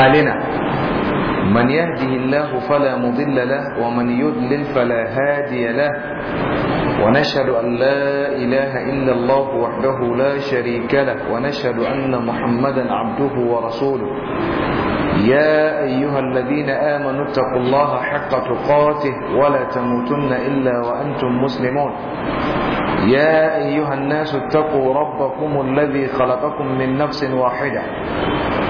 أعمالنا من يهده الله فلا مضل له ومن يضلل فلا هادي له ونشهد أن لا إله إلا الله وحده لا شريك له ونشهد أن محمدا عبده ورسوله يا أيها الذين آمنوا اتقوا الله حق تقاته ولا تموتن إلا وأنتم مسلمون يا أيها الناس اتقوا ربكم الذي خلقكم من نفس واحدة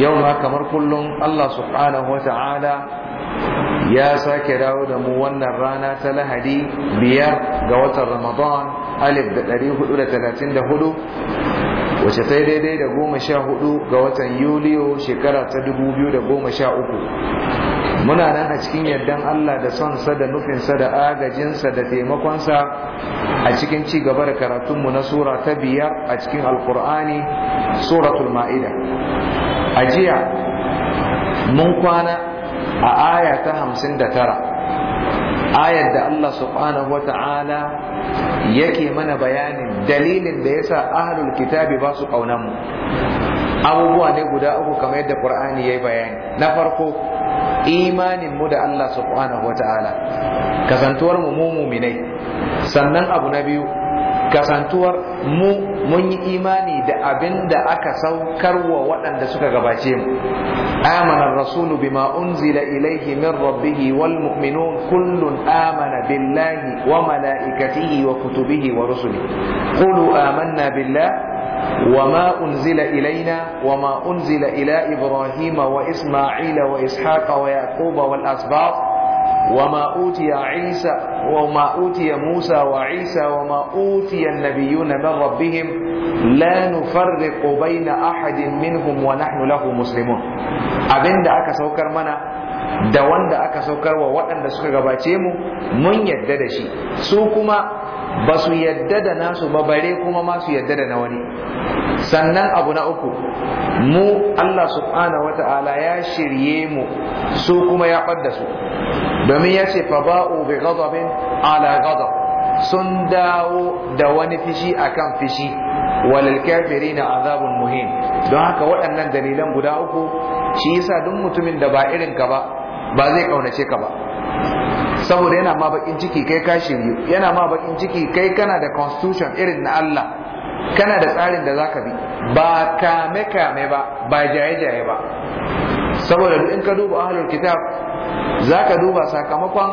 yau ma kamar kullum Allah subhanahu wata'ala ya sake dawo da mu wannan rana ta lahadi biyar ga watan ramadan alif da ɗari hudu da talatin da hudu wacce sai daidai da goma sha hudu ga watan yuliyo shekara ta dubu biyu da goma sha uku muna nan a cikin yardan Allah da sonsa da nufinsa da agajinsa da taimakonsa a cikin ci gaba da karatunmu na sura ta biyar a cikin alkur'ani suratul ma'ida a jiya mun kwana a aya ta hamsin da tara ayar da Allah subhanahu wa ta'ala yake mana bayanin dalilin da yasa ahlul kitabi ba su mu abubuwa ne guda uku kamar yadda qur'ani yayi bayani na farko imanin mu da Allah subhanahu wa kasantuwar mu mu sannan abu na biyu kasantuwar mu mun yi imani da abin da aka wa waɗanda suka gabace mu amana rasulu bima unzila ilaihi min rabbih wal mu'minun kullun amana billahi wa malaikatihi wa kutubihi wa rusulihi qulu amanna billahi وما أنزل إلينا وما أنزل إلى إبراهيم وإسماعيل وإسحاق ويعقوب والأسباط وما أوتي عيسى وما أوتي موسى وعيسى وما أوتي النبيون من ربهم لا نفرق بين أحد منهم ونحن له مسلمون أبين دا أكا سوكر منا da wanda aka saukar wa waɗanda suka gabace mu mun yadda da shi su kuma ba su yadda da nasu ba bare kuma ma su yadda da na wani sannan abu na uku mu Allah subhanahu wata'ala ya shirye mu su kuma ya ɓadda su domin ya ce fa ba'u bi ghadabin ala ghadab sun dawo da wani fishi akan fishi walil kafirina azabun muhim don haka waɗannan dalilan guda uku shi yasa duk mutumin da ba irin ka ba ba zai kaunace ka ba saboda yana ma bakin ciki kai ka shiryu yana ma bakin ciki kai kana da constitution irin na Allah kana da tsarin da zaka bi ba kame kame ba ba jaye jaye ba saboda in ka duba ahlul kitab zaka duba sakamakon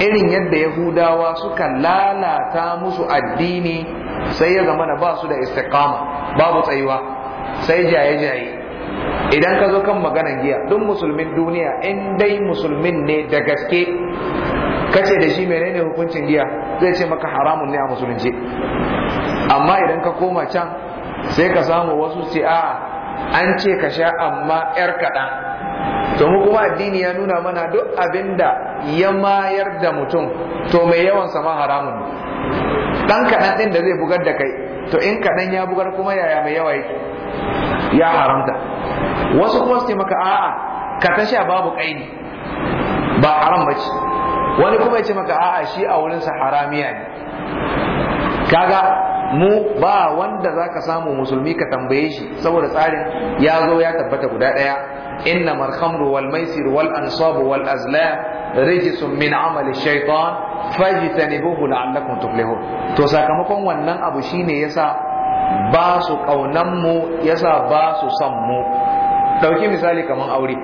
irin yadda yahudawa suka lalata musu addini sai ya zama ba su da istiqama babu tsayuwa sai jaye jaye idan ka zo kan maganan giya duk musulmin duniya in dai musulmin ne da gaske kace da shi menene hukuncin giya zai ce maka haramun ne a musulunci amma idan ka koma can sai ka samu wasu ce a an ce ka sha amma yar kaɗan to mu kuma addini ya nuna mana duk abinda ya mayar da mutum to mai yawan sama haramun dan kaɗan ɗin da zai bugar da kai to in kaɗan ya bugar kuma yaya mai yawa yake ya haramta wasu kuma su maka a'a ka ta sha babu kaini ba haram ce wani kuma ya ce maka a'a shi a wurinsa haramiya ne kaga mu ba wanda za ka samu musulmi ka tambaye shi saboda tsarin ya zo ya tabbata guda ɗaya inna marhamru wal maisir wal ansabu wal azla rijisun min amali shaitan fajitanibuhu la'allakum tuflihun to sakamakon wannan abu shine yasa ba su mu yasa ba su son mu ɗauki misali kamar aure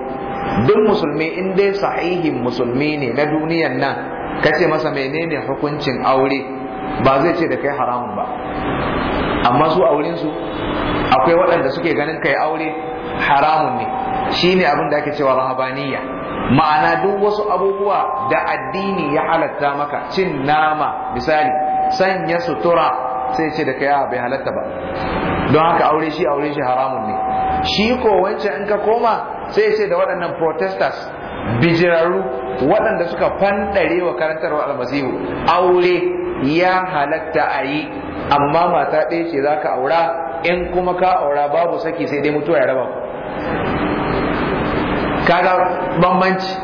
duk musulmi in dai sahihin musulmi ne na duniyan nan ka masa menene hukuncin aure ba zai ce da kai haramun ba amma su aurensu akwai waɗanda suke ganin kai aure haramun ne shine abin da ake cewa rahabaniya ma'ana duk wasu abubuwa da addini ya halatta maka cin nama misali sanya sutura sai ce da kaya bai halatta ba don haka aure shi aure shi haramun ne shi ko wancan in ka koma sai ce da waɗannan protesters bijiraru waɗanda suka fanɗare wa karantarwa almasihu aure ya halatta a yi amma mata ɗaya ce za ka aura in kuma ka aura babu saki sai dai mutuwa ya raba kaga bambanci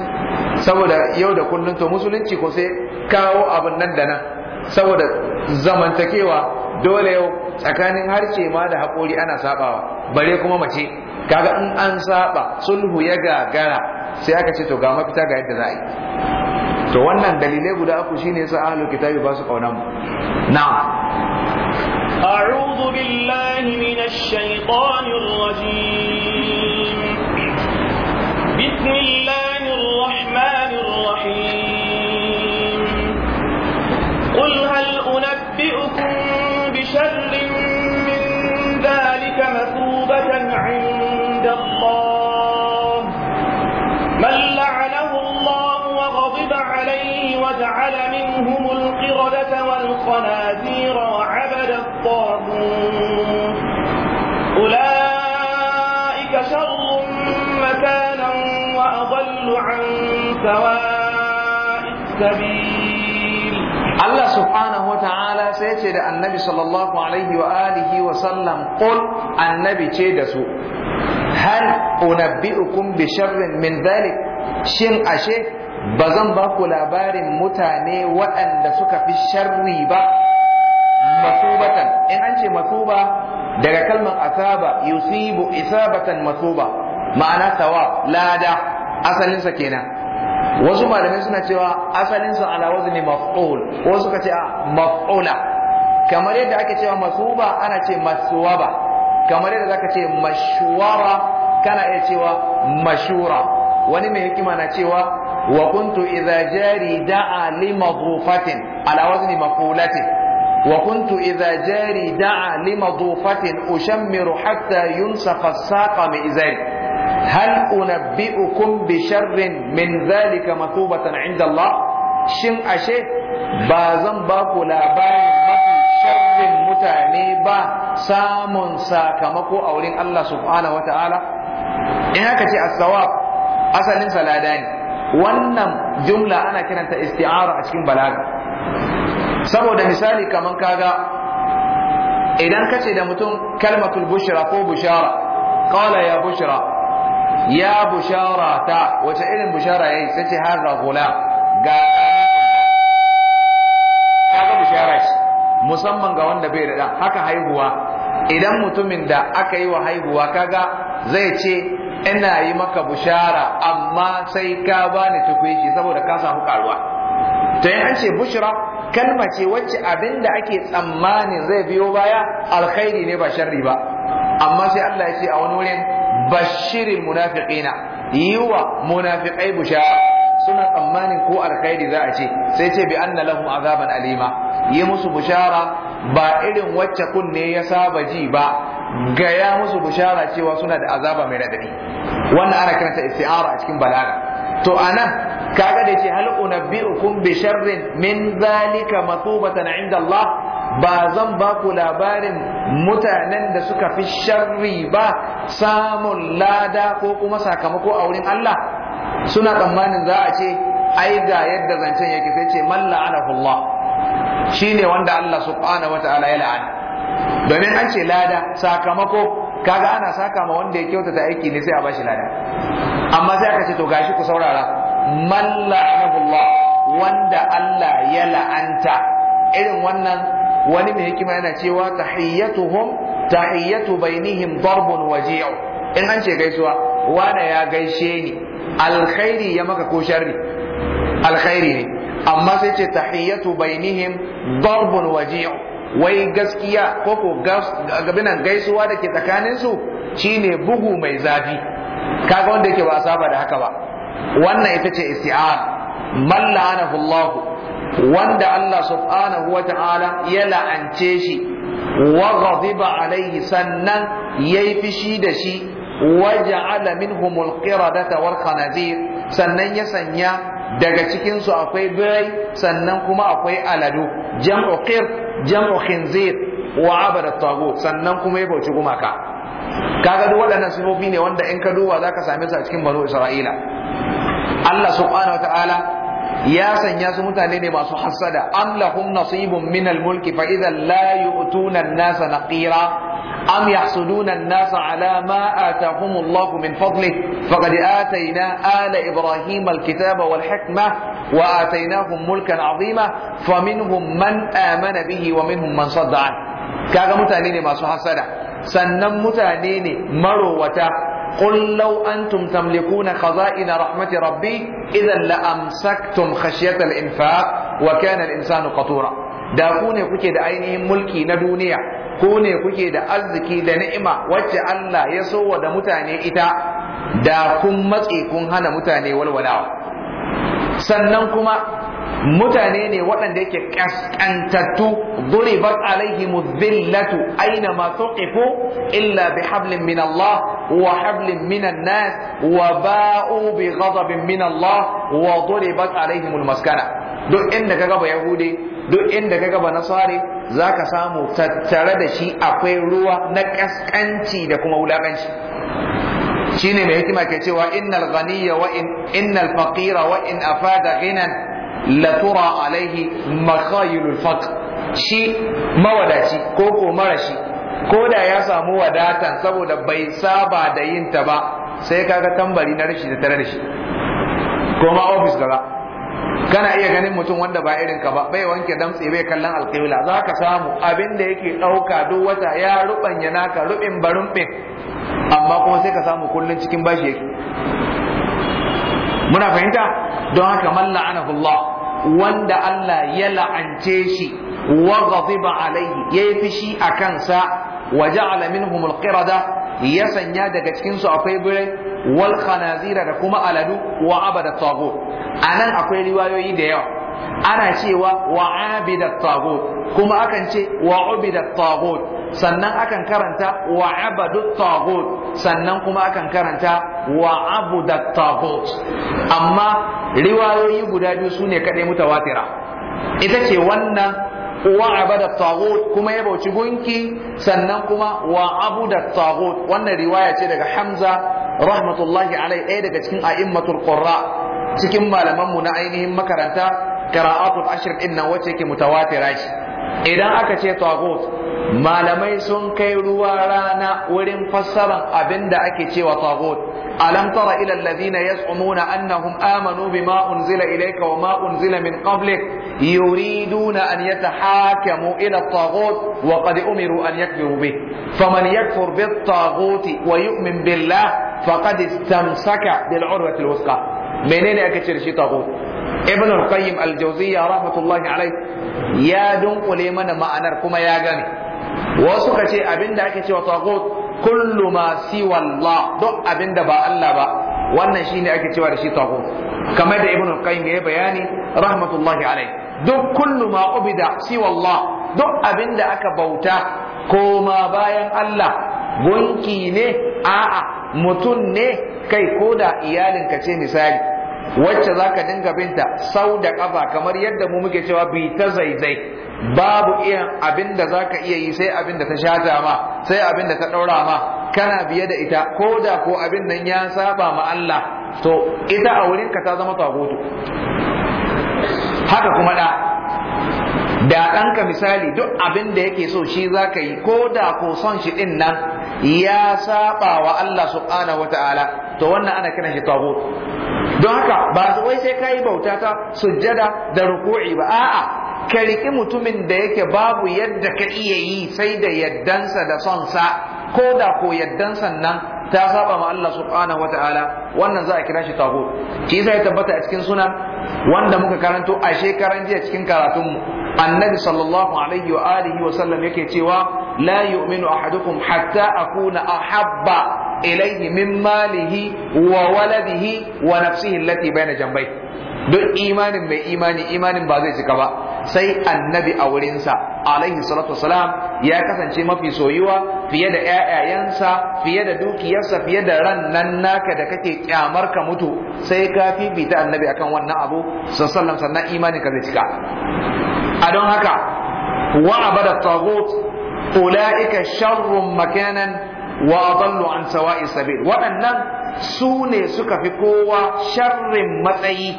saboda yau da kullum to musulunci ko sai kawo abin nan da nan saboda zamantakewa dole yau tsakanin harce ma da haƙori ana sabawa bare kuma mace kaga in an saɓa sulhu ya gagara sai aka ce to ga mafita ga yadda za a yi to wannan dalilai guda uku shine yasa ahlul kitabi ba su kauna mu na'am أعوذ بالله من الشيطان الرجيم بسم الله قل هل أنبئكم بشر من ذلك مثوبة عند الله من لعنه الله وغضب عليه وجعل منهم القردة والخنازير وعبد الطاغوت أولئك شر مكانا وأضل عن سواء السبيل Allah subhanahu ta'ala sai ce da annabi sallallahu alaihi wa alihi wa sallam qul annabi ce da su hal unabbi'ukum bi sharrin min dhalik shin ashe bazan ba ku labarin mutane waɗanda suka fi sharri ba masubatan in an ce masuba daga kalmar asaba yusibu isabatan masuba ma'ana tawab lada asalinsa kenan wasu malamai suna cewa asalinsu sa ala wazni maf'ul wasu suka ce a maf'ula kamar yadda ake cewa masuba ana ce masuwaba kamar yadda zaka ce mashwara kana iya cewa mashura wani mai hikima na cewa wa kuntu idza jari da'a li madhufatin ala wazni maf'ulatin wa kuntu idza jari da'a li madhufatin ushammiru hatta yunsafa as-saqa bi izari hal unabbi'ukum bi sharrin min zalika matubatan inda Allah shin ashe ba zan ba ku labarin mafi sharrin mutane ba samun sakamako a wurin Allah subhanahu wataala in aka ce as-sawab asalin salada ne wannan jumla ana kiranta isti'ara a cikin balaga saboda misali kaman kaga idan kace da mutum kalmatul bushra ko bushara qala ya bushra ya bushara ta wace irin bushara yayi sai ce hadha ga kaga bushara shi musamman ga wanda bai da haka haihuwa idan mutumin da aka yi wa haihuwa kaga zai ce ina yi maka bushara amma sai ka bani tukuyi saboda ka samu karuwa to an ce bushra kalma ce wacce abinda ake tsammanin zai biyo baya alkhairi ne ba sharri ba amma sai Allah ya ce a wani wurin bashirin munafiqina yiwa munafiqai bushara suna tsammanin ko alkhairi za a ce sai ce bi anna lahum azaban alima yi musu bushara ba irin wacce kunne ya saba ji ba gaya musu bushara cewa suna da azaba mai radadi wannan ana kiranta isti'ara a cikin balaga to anan kaga da ce hal unabbi'ukum bi sharrin min zalika matubatan inda Allah ba zan ba ku labarin mutanen da suka fi sharri ba samun lada ko kuma sakamako a wurin Allah suna tsammanin za a ce ai ga yadda zancen yake sai ce man la'anahu Allah shine wanda Allah subhanahu wata'ala ya la'ana domin an ce lada sakamako kaga ana saka ma wanda ya kyautata aiki ne sai a bashi lada amma sai aka ce to gashi ku saurara man la'anahu Allah wanda Allah ya la'anta irin wannan wani mai hikima yana cewa tahiyyatuhum tahiyyatu bainihim darbun waji'u in an ce gaisuwa wanda ya gaishe ni alkhairi ya maka ko sharri alkhairi ne amma sai ce tahiyyatu bainihim darbun waji'u wai gaskiya ko ko gabinan gaisuwa da ke tsakanin su shine bugu mai zafi kaga wanda yake ba saba da haka ba wannan ita ce isti'an man la'anahu wanda Allah subhanahu wa ta'ala ya la'ance shi wa ghadiba alaihi sannan yayi fishi da shi wa ja'ala minhum alqiradata wal khanazir sannan ya sanya daga cikin su akwai birai sannan kuma akwai aladu jam'u qir jam'u khinzir wa abada sannan kuma ya bauci gumaka kaga duk waɗannan sifofi ne wanda in ka duba zaka same su a cikin banu isra'ila Allah subhanahu wa ta'ala ya sanya su mutane ne masu hassada am lahum nasibun min al-mulki fa idhan la yu'tuna an-nasa naqira am yahsuduna an-nasa ala ma atahum Allah min fadlih faqad atayna ala ibrahim al-kitaba wal hikma wa atainahum mulkan azima faminhum man amana bihi wa minhum man sadda kaga mutane ne masu hassada sannan mutane ne marowata قل لو أنتم تملكون خزائن رحمة ربي إذا لأمسكتم خشية الإنفاق وكان الإنسان قطورا da ku ne kuke da ainihin mulki na duniya ku ne kuke da arziki da ni'ima wacce Allah ya sowa da mutane ita da kun matse kun hana mutane walwalawa sannan kuma mutane ne waɗanda yake kaskantattu duribat alaihimu dhillatu aina ma tuqifu illa bi hablin min Allah wa hablin min nas wa ba'u bi ghadabin min Allah wa duribat alaihimul maskana duk inda kaga ba yahude duk ka kaga ba nasare zaka samu tattare da shi akwai ruwa na kaskanci da kuma wulakanci shine mai hikima ke cewa innal ghaniya wa in innal faƙira wa in afada ghinan latura alaihi makayilul faq shi mawadaci ko ko marashi ko da ya samu wadatan saboda bai saba da yin ta ba sai kaga tambari na rashi da tare da shi kuma ofis gaba kana iya ganin mutum wanda ba irin ka ba bai wanke damtse bai kallon alƙibla za ka samu abin da yake ɗauka duk wata ya rubanya naka rubin barumbe amma kuma sai ka samu kullum cikin bashi yake muna fahimta don haka man la'anahu wanda Allah ya la'ance shi wa ghadiba alaihi yayi fishi a kansa wa ja'ala minhum alqirada ya sanya daga cikinsu akwai birai wal khanazira da kuma aladu wa abada tago anan akwai riwayoyi da yawa ana cewa wa abida tago kuma akan ce wa ubida tago sannan akan karanta wa abadu tago sannan kuma akan karanta wa abuda tagut amma riwayoyi guda biyu sune kadai mutawatira ita ce wannan wa abada tagut kuma ya bauci gunki sannan kuma wa abuda tagut wannan riwaya ce daga Hamza rahmatullahi alai ɗaya daga cikin a'immatul qurra cikin malaman mu na ainihin makaranta qira'atul ashr ashirin wace wacce yake mutawatira shi idan aka ce tagut malamai sun kai ruwa rana wurin fassara abin da ake cewa tagut Alamtara tara ila alladhina yaz'umuna annahum amanu bima unzila ilayka wa ma unzila min qablik yuriduna an yatahakamu ila at-taghut wa qad umiru an yakfuru bih faman wa yu'min billah faqad istamsaka bil-urwati menene ake ce shi taghut ibn al-qayyim al-jawziyya rahmatullahi alayh ya dunƙule mana ma'anar kuma ya gani. wasu ka ce abinda ake cewa taghut kullu ma siwa duk abinda ba Allah ba wannan shine ake cewa da shi tagut kamar da ibnu qayyim ya bayani rahmatullahi alaihi duk kullu ma ubida siwa Allah duk abinda aka bauta koma bayan Allah gunki ne a'a mutum ne kai koda iyalinka ce misali wacce ka dinga binta sau da ƙafa kamar yadda mu muke cewa bi ta zaizai babu iya abin da za ka iya yi sai abin da ta shata ma sai abin da ta ɗaura ma kana biye da ita ko da ko abin nan ya saba ma Allah to ita a wurin ka ta zama tagoto haka kuma da da ɗanka misali duk abin da yake so shi za ka yi ko da ko son shi ɗin nan ya saba wa Allah subhanahu wa to wannan ana kiran shi tagoto don haka ba wai sai ka yi bauta ta sujjada da ruku'i ba a'a ka riki mutumin da yake babu yadda ka iya yi sai da yaddansa da sonsa ko da ko yaddansa nan ta saba ma Allah subhanahu wataala wannan za a kira shi tagut shi yasa ya tabbata a cikin sunan wanda muka karanto a shekaran jiya cikin karatun mu annabi sallallahu alaihi wa alihi wa sallam yake cewa la yu'minu ahadukum hatta akuna ahabba ilayhi min malihi wa waladihi wa nafsihi allati bayna jambai duk imanin mai imani imanin ba zai cika ba sai annabi a wurinsa alaihi salatu wasalam ya kasance mafi soyuwa fiye da ƴaƴayensa fiye da dukiyarsa fiye da ran nan naka da kake kyamar ka mutu sai ka fifita annabi akan wannan abu sallallahu sannan imanin ka zai cika a don haka wa abada tagut ulaika sharrun Makenan. wa adallu an sawa'i sabil waɗannan su ne suka fi kowa sharrin matsayi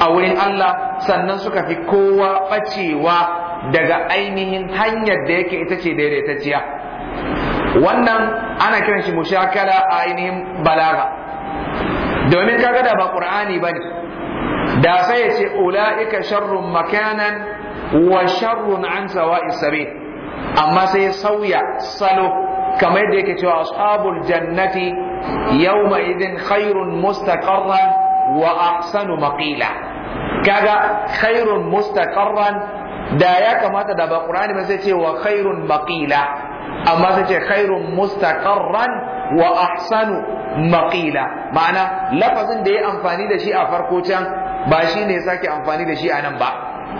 a wurin Allah sannan suka fi kowa bacewa daga ainihin hanyar da yake ita ce daidaitacciya wannan ana kiran shi mushakala a ainihin balaga domin kaga da ba qur'ani bane da sai ya ce ula'ika sharrun makanan wa sharrun an sawa'i sabil amma sai sauya salo kamar yadda yake cewa ashabul jannati yau yawma idin khairun mustaqarran wa ahsanu maqila kaga khairun mustaqarran da ya kamata da ba qur'ani ba ce wa khairun maƙila. amma sai ce khairun mustaqarran wa ahsanu maƙila. ma'ana lafazin da ya amfani da shi a farko can ba shi ne sake amfani da shi a nan ba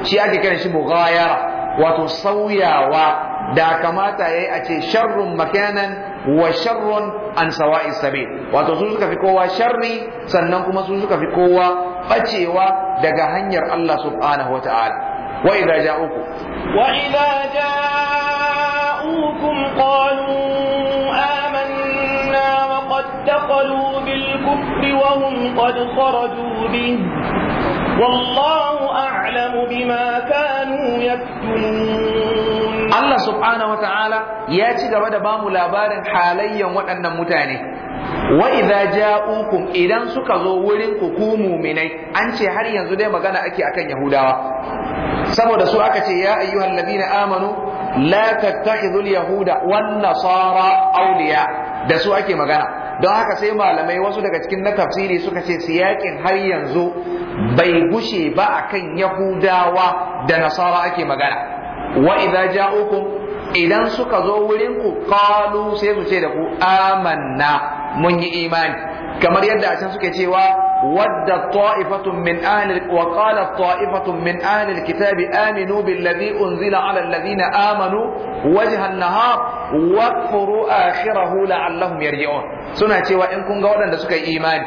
shi ake kiran shi mughayara wato sauyawa da kamata yayi a ce sharrun makanan wa sharrun an sawa'i sabil wato su suka fi kowa sharri sannan kuma su suka fi kowa bacewa daga hanyar Allah subhanahu wa ta'ala wa idza ja'uku wa idza ja'ukum qalu amanna wa qad daqalu bil kufri wa hum qad kharaju bi والله أعلم subhanahu wataala ya ci gaba da bamu labarin halayyan waɗannan mutane wa idza ja'ukum idan suka zo wurin ku ku mu'minai an ce har yanzu dai magana ake akan yahudawa saboda su aka ce ya ayyuhal ladina amanu la tattakhidhul yahuda wan nasara awliya da su ake magana don haka sai malamai wasu daga cikin na tafsiri suka ce siyakin har yanzu bai gushe ba akan yahudawa da nasara ake magana wa idza ja'ukum idan suka zo wurin ku kalu sai su da ku amanna mun yi imani kamar yadda a can suke cewa wadda ta'ifatun min ahli wa qala ta'ifatun min ahli kitabi, aminu billazi unzila ala alladhina amanu wajha an-nahar wa kfuru akhirahu la'allahum yarji'un suna cewa in kun ga waɗanda suka yi imani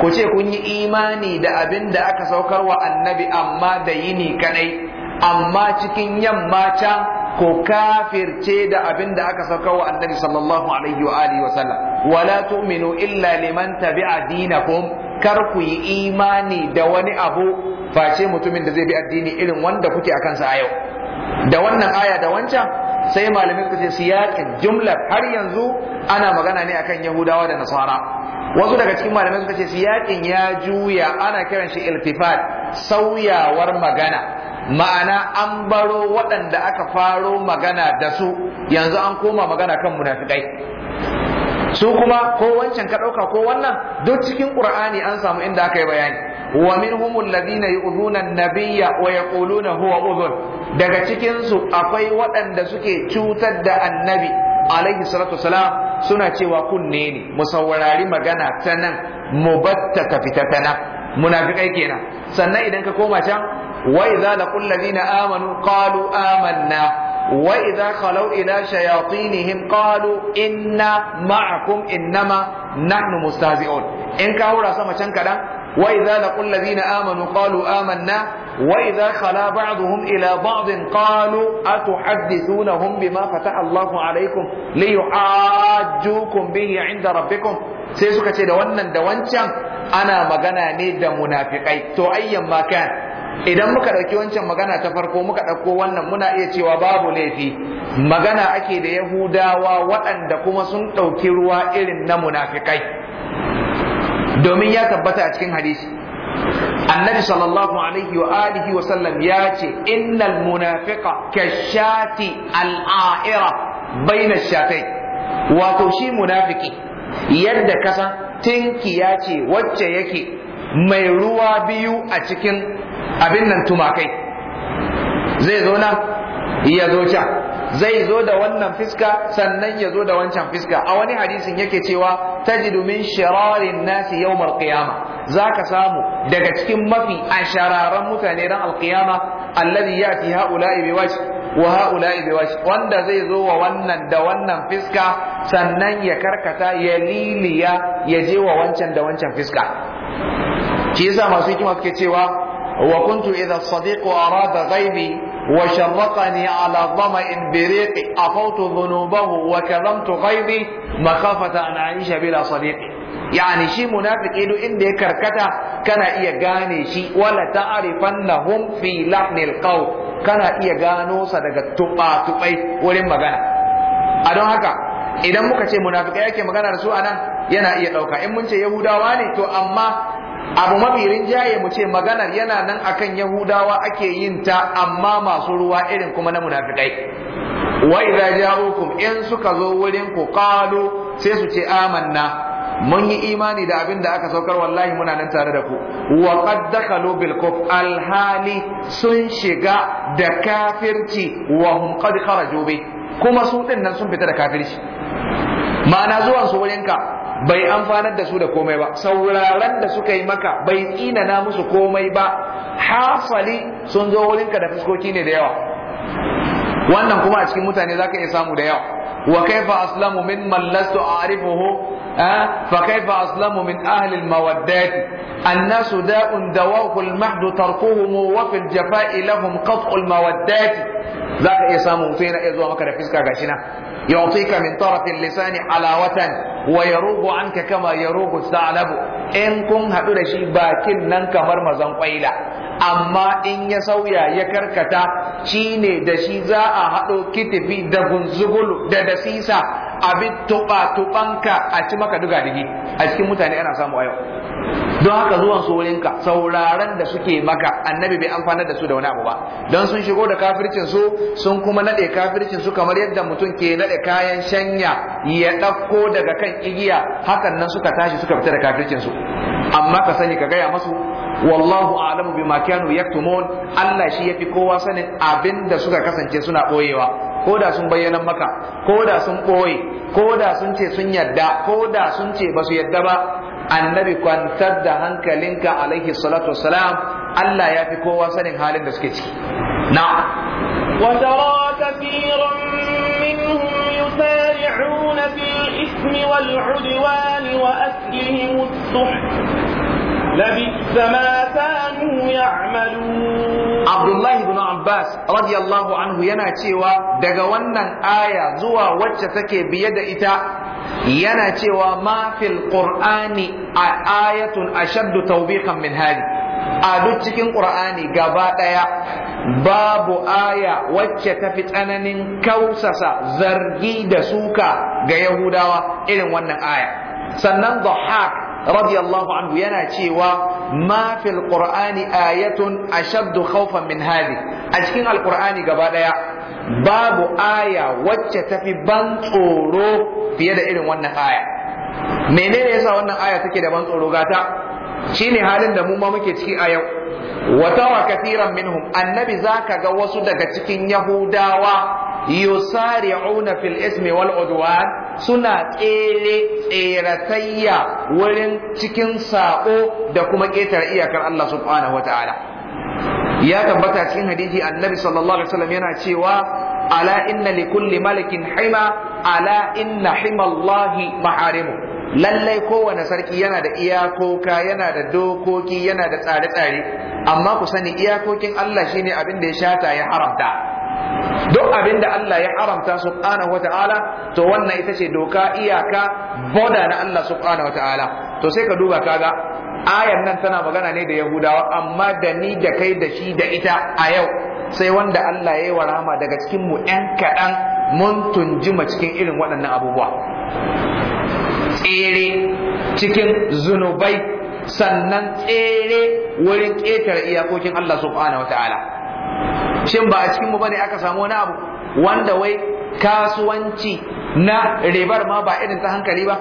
ku ce kun yi imani da abin da aka saukar wa annabi amma da yini kadai amma cikin yamma can ku kafirce da abin da aka sauka wa annabi sallallahu alaihi wa alihi wa sallam wala tu'minu illa liman tabi'a dinakum kar ku yi imani da wani abu face mutumin da zai bi addini irin wanda kuke akan sa a yau da wannan aya da wancan sai malamin ku ce siyakin jumla har yanzu ana magana ne akan yahudawa da nasara wasu daga cikin malamai suka ce siyakin ya juya ana kiran shi iltifat sauyawar magana ma'ana an baro waɗanda aka faro magana da su yanzu an koma magana kan munafikai su kuma ko wancan ka ɗauka ko wannan duk cikin ƙur'ani an samu inda aka yi bayani wa minhumul ladina yu'dhuna an-nabiyya wa yaquluna huwa udhun daga cikin su akwai waɗanda suke cutar da annabi alaihi salatu wasalam suna cewa kunne ne mu magana ta nan mu batta munafikai kenan sannan idan ka koma can wa idza laqul ladina amanu qalu amanna wa idza ila shayatinihim qalu inna ma'akum innama nahnu mustazi'un in ka hura sama can kadan وإذا لقوا الذين آمنوا قالوا آمنا وإذا خلا بعضهم إلى بعض قالوا أتحدثونهم بما فتح الله عليكم ليحاجوكم به عند ربكم sai suka ce wannan da wancan ana magana ne da munafikai to ayyan ma idan muka ɗauki wancan magana ta farko muka ɗauko wannan muna iya cewa babu laifi magana ake da yahudawa waɗanda kuma sun ɗauki ruwa irin na munafikai domin ya tabbata a cikin hadisi annabi sallallahu alaihi wa alihi wa sallam ya ce innal munafiqa kashati al'aira baina shatai wato shi munafiki yadda kasan tinki ya ce wacce yake mai ruwa biyu a cikin abin nan tumakai zai zo nan ya zo can zai zo da wannan fiska sannan ya zo da wancan fiska a wani hadisin yake cewa tajidu min shirarin nasi yawmal qiyama zaka samu daga cikin mafi ashararan mutane ran alqiyama alladhi yati haula'i biwajh wa haula'i biwajh wanda zai zo wa wannan da wannan fiska sannan ya karkata ya liliya ya je wa wancan da wancan fiska shi yasa masu hikima suke cewa wa kuntu idza sadiq arada ghaibi wa sharraqani ala dhama'in bi riqi afawtu dhunubahu wa kadhamtu ghaibi makhafata an aisha bila sadiqi yani shi munafiki duk inda ya karkata kana iya gane shi wala ta'rifannahum fi lahnil qawl kana iya gano sa daga tuba tubai wurin magana a don haka idan muka ce munafikai yake magana da su anan yana iya dauka in mun ce yahudawa ne to amma abu mafi jaye mu ce maganar yana nan akan yahudawa ake yin ta amma masu ruwa irin kuma na munafikai wa idza ja'ukum in suka zo wurin ku qalu sai su ce amanna mun yi imani da abin da aka saukar wallahi muna nan tare da ku wa qad dakalu bil kuf alhali sun shiga da kafirci wa hum qad kharaju bi kuma su din sun fita da kafirci ma'ana zuwan su ka. bai amfanar da su da komai ba sauraron da suka yi maka bai tsina namusu komai ba hafali sun zo wurin kada fuskoki ne da yawa wannan kuma a cikin mutane za ka iya samu da yawa wa kaifa aslamu min man lastu a'rifuhu eh? fa aslamu min ahlil al-mawaddat an-nasu da'un dawahu al-mahdu tarkuhum wa fi al-jafa'i lahum qat'u al za ka iya samu mutum yana iya zuwa maka da fiska gashi na يعطيك من طرف اللسان حلاوة ويروغ عنك كما يروغ الثعلب إن كن هدو دشي باكن نن كمر مزن قيلا أما إن يسويا يكركتا شيني دشي زاء هدو كتفي دغن زغل ددسيسا abin tuba tubanka a ci maka duga digi a cikin mutane ana samu ayo don haka zuwan su sauraren sauraron da suke maka annabi bai amfanar da su da wani abu ba don sun shigo da kafircin su sun kuma nade kafircin su kamar yadda mutum ke nade kayan shanya ya dauko daga kan igiya hakan nan suka tashi suka fita da kafircin su amma ka sani ka gaya masu wallahu a'lamu bima kanu yaktumun Allah shi yafi kowa sanin abin da suka kasance suna boyewa ko da sun bayyana maka ko da sun ɓoye ko da sun ce sun yadda ko da sun ce ba su yadda ba annabi kwantar da hankalinka alaihi salatu salam Allah ya fi kowa sanin halin da suke ciki na وترى كثيرا منهم يسارعون في الإثم والعدوان وأكلهم السحت لبئس ما كانوا يعملون عبد الله Abbas radiyallahu anhu yana cewa daga wannan aya zuwa wacce take biye da ita yana cewa ma fil qur'ani ayatun ashaddu tawbiqan min hadi a duk cikin qur'ani gaba daya babu aya wacce tafi tsananin kausasa zargi da suka ga yahudawa irin wannan aya sannan dhahak radiyallahu anhu yana cewa ma fil qur'ani ayatun ashaddu khawfan min hadi a cikin alqur'ani gaba daya babu aya wacce tafi ban tsoro fiye da irin wannan aya menene yasa wannan aya take da ban tsoro gata shine halin da mu ma muke ciki a yau wa tara katiran minhum annabi zaka ga wasu daga cikin yahudawa yusari'una fil Filis mai udwan suna tsere tseratayya wurin cikin saƙo da kuma ƙetare iyakar Allah subhanahu wataala ya tabbata cikin hadisi annabi sallallahu alaihi yana cewa ala inna likulli malikin hima ala inna himallahi maharimu lallai kowane sarki yana da iyakoka yana da dokoki yana da tsare-tsare amma ku sani iyakokin Allah shine abin da ya shata ya haramta duk abin da Allah ya haramta subhanahu wata'ala to wannan ita ce doka iyaka boda na Allah subhanahu wata'ala to sai ka duba kaga ayan nan tana magana ne da Yahudawa amma da ni da kai da shi da ita a yau sai wanda Allah ya yi wa rama daga cikin mu ɗan kaɗan mun tunjima cikin irin waɗannan abubuwa tsere cikin zunubai sannan tsere wurin ƙetare iyakokin Allah subhanahu wata'ala shin ba a cikin mu ne aka samu wani abu wanda wai kasuwanci na ribar ma ba irin ta hankali ba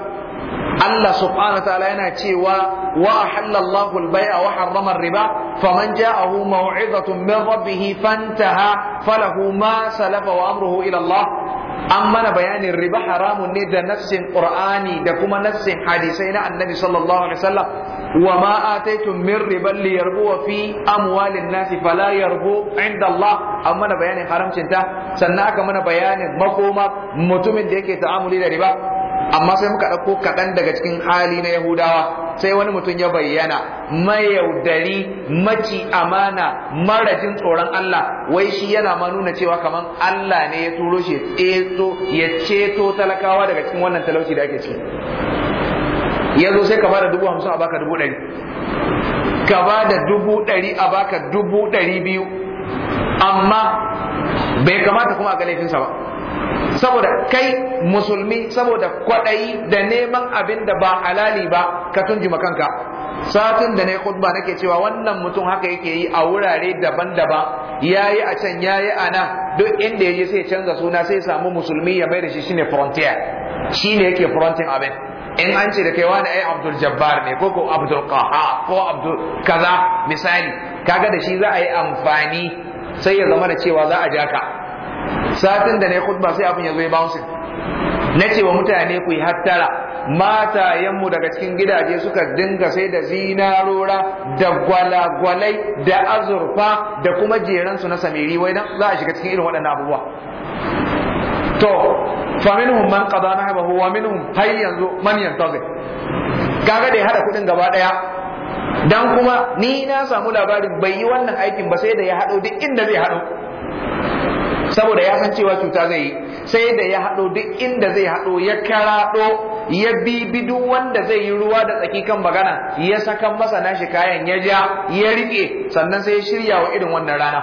Allah subhanahu ta'ala yana cewa wa halallahu al-bai'a wa harrama riba faman ja'ahu maw'izatun min rabbih fantaha falahu ma salafa wa amruhu ila Allah an mana bayanin riba haramun ne da nassin qur'ani da kuma nassin hadisai na annabi sallallahu alaihi wasallam wa ma ataitum min riban li yarbu fi amwalin nasi fala yarbu inda Allah an mana bayanin haramcin ta sannan aka mana bayanin makoma mutumin da yake ta'amuli da riba amma sai muka ɗauko kaɗan daga cikin hali na Yahudawa sai wani mutum ya bayyana mayaudari maci amana marajin tsoron Allah wai shi yana ma nuna cewa kaman Allah ne ya turo shi ya ceto talakawa daga cikin wannan talauci da ake ciki ya zo sai ka ba da dubu hamsin a baka dubu ɗari ka ba da dubu ɗari a baka dubu ɗari biyu amma bai kamata kuma a ga laifinsa ba saboda kai musulmi saboda kwaɗayi da neman abin da ba alali ba ka tunjima kanka satin da na yi khutba nake cewa wannan mutum haka yake yi a wurare daban-daban yi a can yayi a nan duk inda ya je sai canza suna sai samu musulmi ya mai da shi shine frontier shine yake frontin abin in an ce da kai wani ai abdul jabbar ne ko ko abdul qaha ko abdul kaza misali kaga da shi za a yi amfani sai ya zama da cewa za a ja ka satin da ne khutba sai abin ya zo ya bouncing na ce wa mutane ku yi hattara matayenmu daga cikin gidaje suka dinga sai da zinarora da gwalagwalai da azurfa da kuma jeransu na samiri wai dan za a shiga cikin irin waɗannan abubuwa to fa minhum man na nahbahu wa minhum hay yanzu man yantazir kaga dai haɗa kuɗin gaba ɗaya. dan kuma ni na samu labarin bai yi wannan aikin ba sai da ya hado duk inda zai hado saboda ya san cewa cuta zai yi sai da ya haɗo duk inda zai haɗo ya karaɗo ya bibi duk wanda zai yi ruwa da tsaki kan magana ya saka masa nashi kayan ya ja ya riƙe sannan sai ya shirya wa irin wannan rana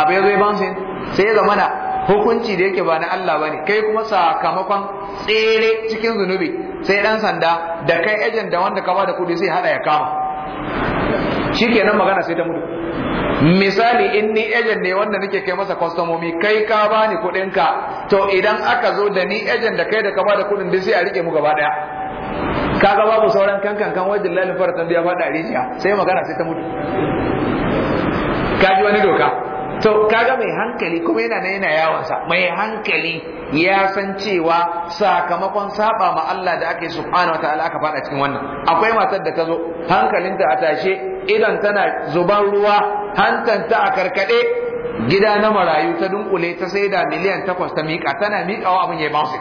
abu ya zo sai ya zamana hukunci da yake ba na Allah bane kai kuma sakamakon tsere cikin zunubi sai dan sanda da kai ejen da wanda ka ba da kudi sai hada ya kama shikenan magana sai ta mutu misali in ni ejen ne wanda nake kai masa kwastomomi kai ka bani kuɗin ka to idan aka zo da ni ejen da kai da ka ba da kuɗin sai a rike mu gaba daya kaga babu sauran kankan kan wajen lalin faratan ba faɗa rijiya sai magana sai ta mutu kaji wani doka to kaga mai hankali kuma yana na yana yawansa mai hankali ya san cewa sakamakon saba ma Allah da aka yi subhanahu wataala aka fada cikin wannan akwai matar da ta zo hankalinta a tashe idan tana zuban ruwa hantanta a karkade gida na marayu ta dunkule ta sai da miliyan takwas ta miƙa tana wa abin ya bounce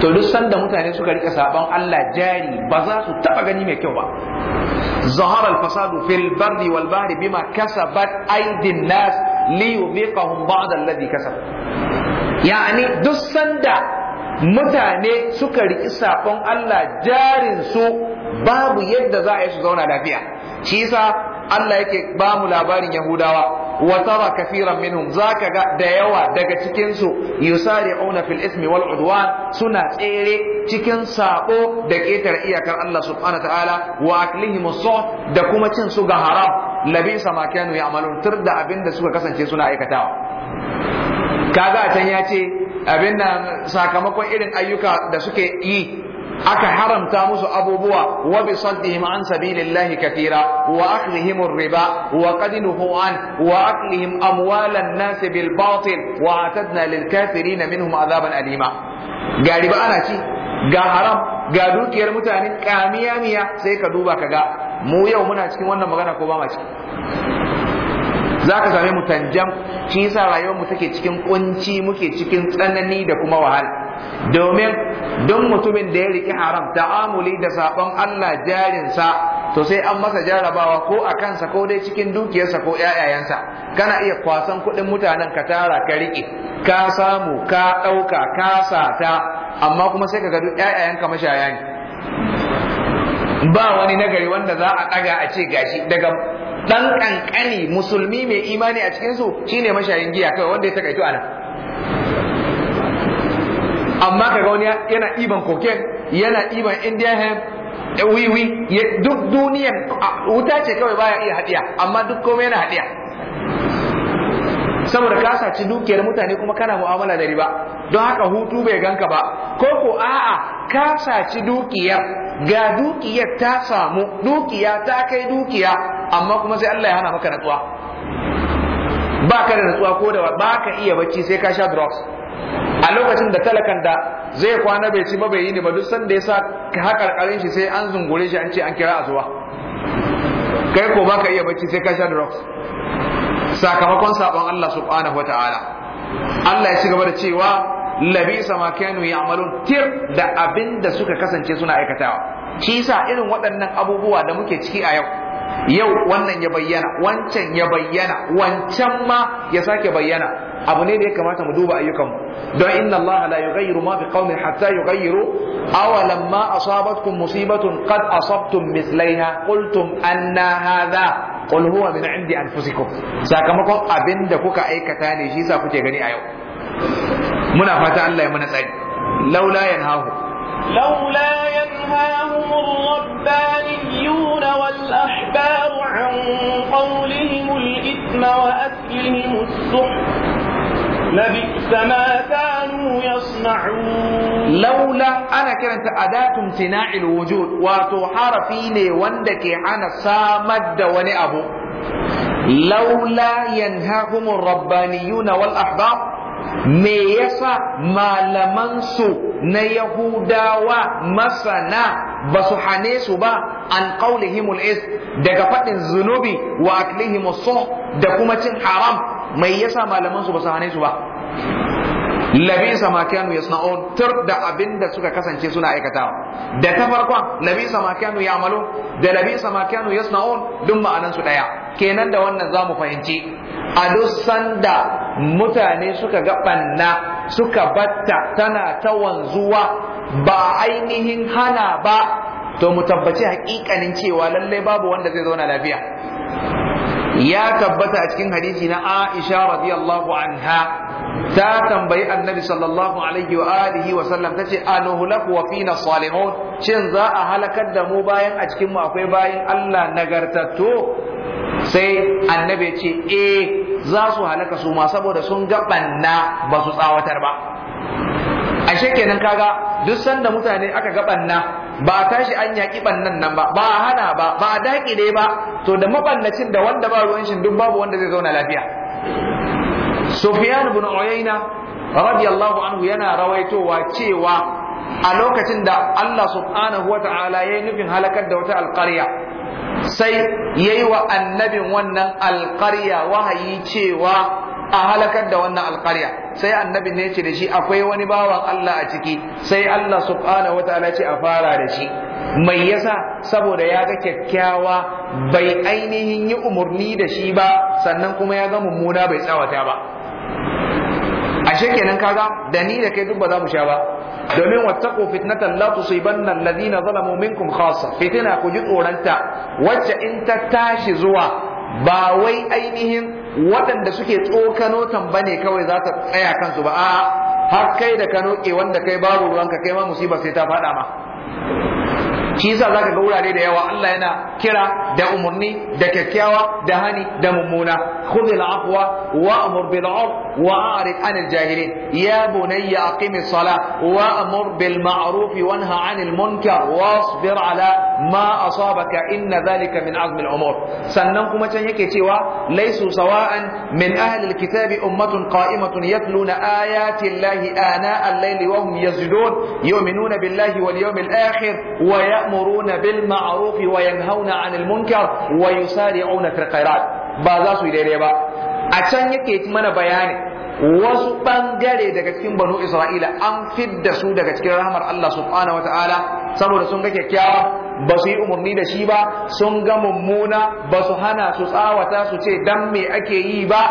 to duk sanda mutane suka rika saban Allah jari ba za su taba gani mai kyau ba ظهر الفساد في البر والبحر بما كسبت أيدي الناس ليذيقهم بعض الذي كسب يعني دسن mutane suka riƙi saƙon Allah jarinsu babu yadda za a yi su zauna lafiya shi yasa Allah yake ba mu labarin Yahudawa wa kafiran minhum zaka ga da yawa daga cikin su yusari'una fil ismi wal udwan suna tsere cikin sabo da ketar iyakar Allah subhanahu ta'ala wa aklihim da kuma cin suga ga haram labisa ma kanu ya'malun tur da abinda suka kasance suna aikatawa kaga a can ya ce abin nan sakamakon irin ayyuka da suke yi aka haramta musu abubuwa wa bi saddihim an sabilillahi kathira wa akhlihim riba wa qadinuhu an wa amwal amwalan nas bil batil wa atadna lil kafirin minhum azaban alima ga riba ana ci ga haram ga dukiyar mutane kamiya miya sai ka duba kaga mu yau muna cikin wannan magana ko ba ma cikin za ka same mu tanjam shi yasa rayuwar mu take cikin kunci muke cikin tsanani da kuma wahala domin don mutumin da ya riki haram ta'amuli da sabon Allah jarinsa to sai an masa jarabawa ko a kansa ko dai cikin dukiyarsa ko ƴaƴayensa kana iya kwasan kuɗin mutanen ka tara ka riƙe ka samu ka ɗauka ka sata amma kuma sai ka ga duk ƴaƴayenka mashaya ne ba wani nagari wanda za a ɗaga a ce gashi daga ɗan ƙanƙani musulmi mai imani a cikinsu shine mashayin giya kawai wanda ya taƙaito anan amma ka wani yana iban cocaine yana iban indian da wiwi duk duniya wuta ce kawai baya iya hadiya amma duk komai yana hadiya saboda ka saci dukiyar mutane kuma kana mu'amala da riba don haka hutu bai ganka ba ko ko a'a ka saci dukiyar ga dukiyar ta samu dukiya ta kai dukiya amma kuma sai Allah ya hana maka natsuwa ba ka da natsuwa ko da ba ka iya bacci sai ka sha drugs a lokacin da talakan da zai kwana bai ci ba bai yi ne ba duk sanda ya sa karin shi sai an zungure shi an ce an kira azuwa kai ko baka iya bacci sai ka sha drugs sakamakon sabon Allah subhanahu wataala Allah ya ci gaba da cewa labisa ma kanu ya'malun tir da abin da suka kasance suna aikatawa shi yasa irin waɗannan abubuwa da muke ciki a yau yau wannan ya bayyana wancan ya bayyana wancan ma ya sake bayyana abu ne da ya kamata mu duba ayyukanmu don inna Allah la yughayyiru ma biqaumin hatta yughayyiru aw ma asabatkum musibatun qad asabtum mithlaiha qultum anna hadha qul huwa min indi anfusikum sakamakon abinda kuka aikata ne shi sa kuke gani a yau muna fata Allah ya mana tsari laula yanhahu لولا ينهاهم الربانيون والأحبار عن قولهم الإثم وأكلهم السحت لبئس ما كانوا يصنعون لولا أنا كانت أداة امتناع الوجود واتو فيني وندك عن ke hana لولا ينهاهم الربانيون والاحبار me yasa malaman su na yahudawa masana ba su hane su ba an qaulihimul is daga faɗin zunubi wa aklihim da kuma cin haram mai yasa malamansu ba su hane su ba labisa ma kanu yasna'un tur da abinda suka kasance suna aikatawa da ta farkon labisa ma kanu ya'malu da labisa ma kanu yasna'un duk ma'anan su daya kenan da wannan zamu fahimci a duk sanda mutane suka ga banna suka batta tana ta wanzuwa ba ainihin hana ba to mu tabbaci hakikanin cewa lalle babu wanda zai zauna lafiya ya tabbata a cikin hadisi na Aisha radiyallahu anha ta tambayi annabi sallallahu alaihi wa alihi wa sallam tace anuhlaku wa fina salihun shin za a halakar da mu bayan a cikin mu akwai bayan Allah nagartattu sai annabi ce eh za su halaka su ma saboda sun gabanna ba su tsawatar ba ashe kenan kaga duk sanda mutane aka gabanna ba a tashi an yaƙi bannan nan ba ba a hana ba ba a daƙile ba to da mabannacin da wanda ba ruwan shin duk babu wanda zai zauna lafiya Sufyan bin Uyayna radiyallahu anhu yana rawaitowa cewa a lokacin da Allah subhanahu wa ta'ala ya yi nufin halakar da wata alƙarya sai ya yi wa annabin wannan alƙarya wahayi cewa a halakar da wannan alƙarya sai annabin ne ce da shi akwai wani bawan Allah a ciki sai Allah subhanahu ta'ala ce a fara da shi mai yasa saboda ya ga kyakkyawa bai ainihin yi umarni da shi ba sannan kuma ya ga mummuna bai tsawata ba ashe kenan kaga da ni da kai duk ba za mu sha ba domin wattaqu fitnatan la tusibanna alladhina zalamu minkum khassa fitina ku ji tsoranta wacce in ta tashi zuwa ba wai ainihin waɗanda suke tsokano tambane kawai za ta tsaya kansu ba a har kai da ka noke wanda kai babu ruwanka kai ma musiba sai ta faɗa ma shi yasa zaka ga wurare da yawa Allah yana kira da umurni da kyakkyawa da hani da mummuna khudh aqwa wa amur bil 'urf wa wa'rid 'anil jahilin ya bunayya aqimis salah amur bil ma'ruf wa wanha 'anil munkar wa asbir 'ala ma asabaka inna dhalika min 'azmi al-umur sannan kuma can yake cewa laysu sawa'an min ahli al-kitabi ummatun qa'imatun yatluna ayati Allahi ana al-layli wa hum yasjudun yu'minuna billahi wal yawmil akhir wa ya'muruna bil ma'ruf wa yanhauna 'anil munkar wa yusari'una fil khairat su yi daidai ba a can yake mana bayani wasu bangare daga cikin banu Isra'ila an fidda su daga cikin rahmar Allah subhanahu saboda sun ga kyakkyawa Basu yi umarni da shi ba sun ga mummuna basu hana su tsawata su ce dan me ake yi ba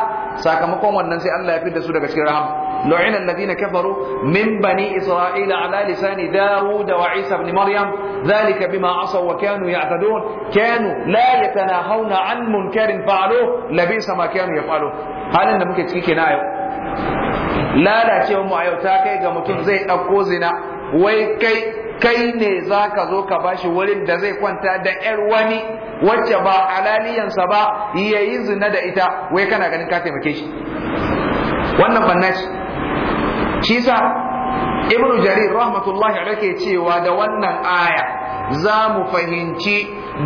sakamakon wannan sai an da su daga cikin rahama. Laucinan Ladinai ka faru min bani Isawaila Alalisa ne dawuda wa cikin Sani Maryam, zali ka bi ma wa Kano ya asa duwan Kano na hauna an mun kirin faɗo Sama Kano ya Halin da muke ciki kena yau, lalacewar mu a yau ta kai ga mutum zai ɗauko zina wai kai. kai ne za ka zo ka bashi wurin da zai kwanta da ‘yar wani wacce ba alaliyansa ba ya yi zina da ita wai kana ganin ka taimake shi wannan banna ce shi sa ibnu jarir rahmatullahi alaihi cewa da wannan aya za mu fahimci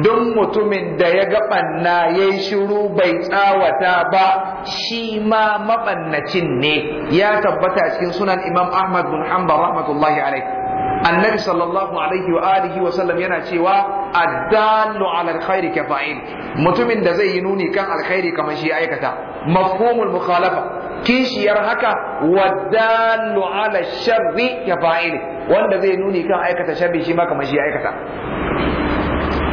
duk mutumin da ya ga banna ya yi shiru bai tsawata ba shi ma mabannacin ne ya tabbata a cikin sunan imam ahmad bin hanbal rahmatullahi alaihi annabi sallallahu alaihi wa alihi wa sallam yana cewa addallu ala alkhairi ka fa'il mutumin da zai yi nuni kan alkhairi kamar shi aikata mafhumul mukhalafa kishiyar haka waddallu ala sharri ka fa'il wanda zai nuni kan aikata sharri shi ma kamar shi aikata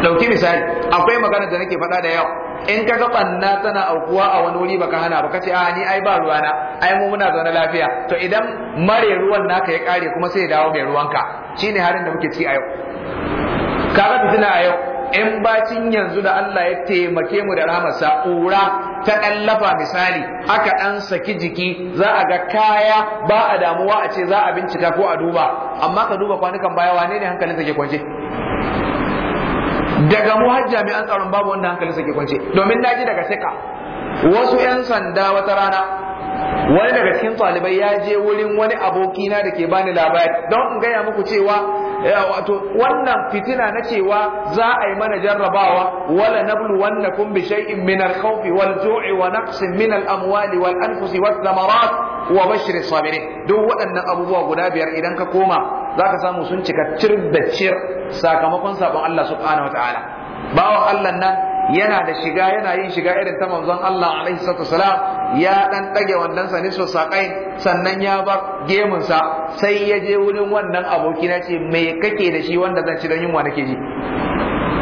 dauki misali akwai magana da nake faɗa da yau. in kaga banna tana aukuwa a wani wuri baka hana ba kace a ni ai ba ruwana ai mu muna zaune lafiya to idan mare ruwan naka ya kare kuma sai ya dawo mai ruwanka shine harin da muke ci a yau Ka ga fitina a yau in bacin yanzu da Allah ya taimake mu da rahamarsa ƙura ta ɗallafa lafa misali aka ɗan saki jiki za a ga kaya ba a damuwa a ce za a bincika ko a duba amma ka duba kwanukan baya wane ne hankalin ke kwance daga mu har jami'an tsaron babu wanda hankalin sa ke kwance domin na ji daga sika wasu 'yan sanda wata rana wani daga cikin ɗalibai ya je wurin wani abokina da ke bani labari don in gaya muku cewa eh, wato wannan fitina na cewa za a yi mana jarrabawa wala nablu wannakum bi shay'in min al-khawfi wal ju'i wa naqsin min al-amwali wal anfusi thamarat wa bashir as-sabirin duk waɗannan abubuwa guda biyar idan ka koma za ka samu sun cika cir da cir sakamakon sabon Allah subhanahu wataala bawan Allah nan yana da shiga yana yin shiga irin ta manzon Allah alaihi salatu ya dan dage wannan sa niso sakai sannan ya bar gemun sai ya je wurin wannan aboki na ce me kake da shi wanda zan ci dan yunwa nake ji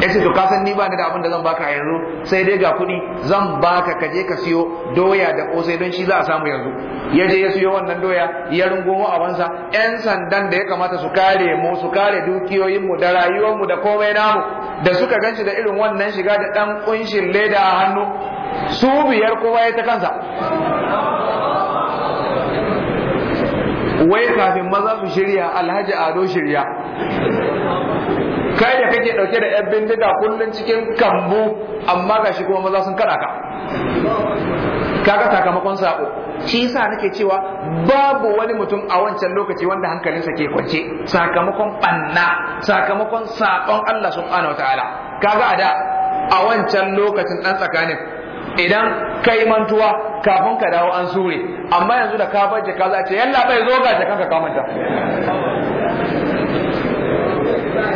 yace to to kasan ni ba ni da abin da zan baka a yanzu sai dai ga kuɗi zan baka ka je ka siyo doya da kosai don shi za a samu yanzu ya je ya siyo wannan doya ya a wansa. yan sandan da ya kamata su kare mu su kare dukiyoyin mu da rayuwar mu da komai namu da suka ganshi da irin wannan shiga da dan kunshin leda a hannu su biyar kowa ya ta kansa wai kafin maza su shirya alhaji ado shirya kai da kake dauke da yan bindiga kullun cikin kambu amma gashi kuma maza sun kada ka kaga sakamakon sako shi yasa nake cewa babu wani mutum a wancan lokaci wanda hankalinsa ke kwance sakamakon banna sakamakon sakon Allah subhanahu wataala kaga a da a wancan lokacin dan tsakanin idan kai mantuwa kafin ka dawo an sure amma yanzu da ka bar jaka za a ce yalla bai zo ga ka manta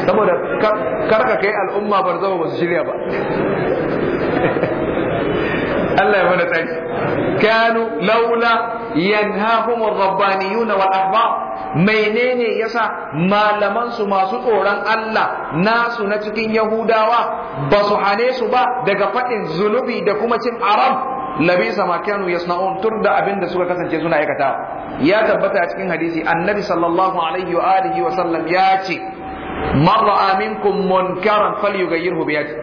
saboda karka kai al'umma bar zama ba su shirya ba Allah ya mana tsari kanu laula yanhahumur rabbaniyun wal ahbar menene yasa malaman su masu tsoron Allah nasu na cikin Yahudawa ba su hane su ba daga faɗin zunubi da kuma cin aram labisa ma kanu yasna'un tur da abin da suka kasance suna aikata ya tabbata a cikin hadisi annabi sallallahu alaihi wa alihi wa sallam ya ce man ra'a minkum munkaran falyughayyirhu bi yadihi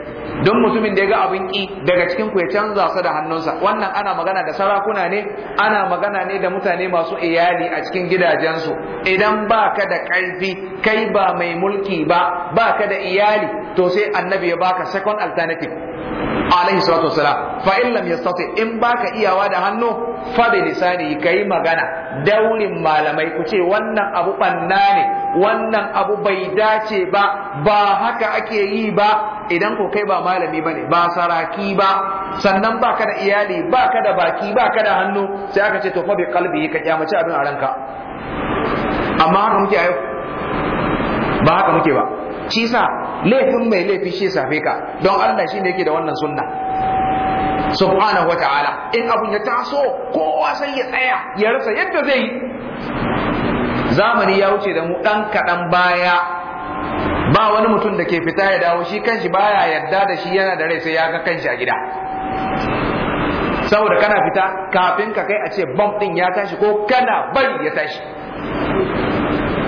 don mutumin da ya ga abin ki daga cikin ku ya canza su da hannunsa wannan ana magana da sarakuna ne ana magana ne da mutane masu iyali a cikin gidajensu idan baka da ƙarfi kai ba mai mulki ba baka da iyali to sai annabi ya baka second alternative alaihi salatu wasalam fa in lam yastati in baka iyawa da hannu fa bi lisani kai magana daurin malamai ku ce wannan abu banna ne wannan abu bai dace ba ba haka ake yi ba idan ko kai ba malami bane ba saraki ba sannan baka da iyali baka da baki baka da hannu sai aka ce to fa bi qalbi ka kyamaci abin a ranka amma haka muke ayo ba haka muke ba shi laifin mai laifi shi safe ka don Allah shi ne yake da wannan sunna subhanahu wa ta'ala in abun ya taso kowa sai ya tsaya ya rasa yadda zai yi zamani ya wuce da mu ɗan kaɗan baya ba wani mutum da ke fita ya dawo shi kanshi baya yadda da shi yana da rai sai ya ga kanshi a gida saboda kana fita kafin ka kai a ce bam din ya tashi ko kana bari ya tashi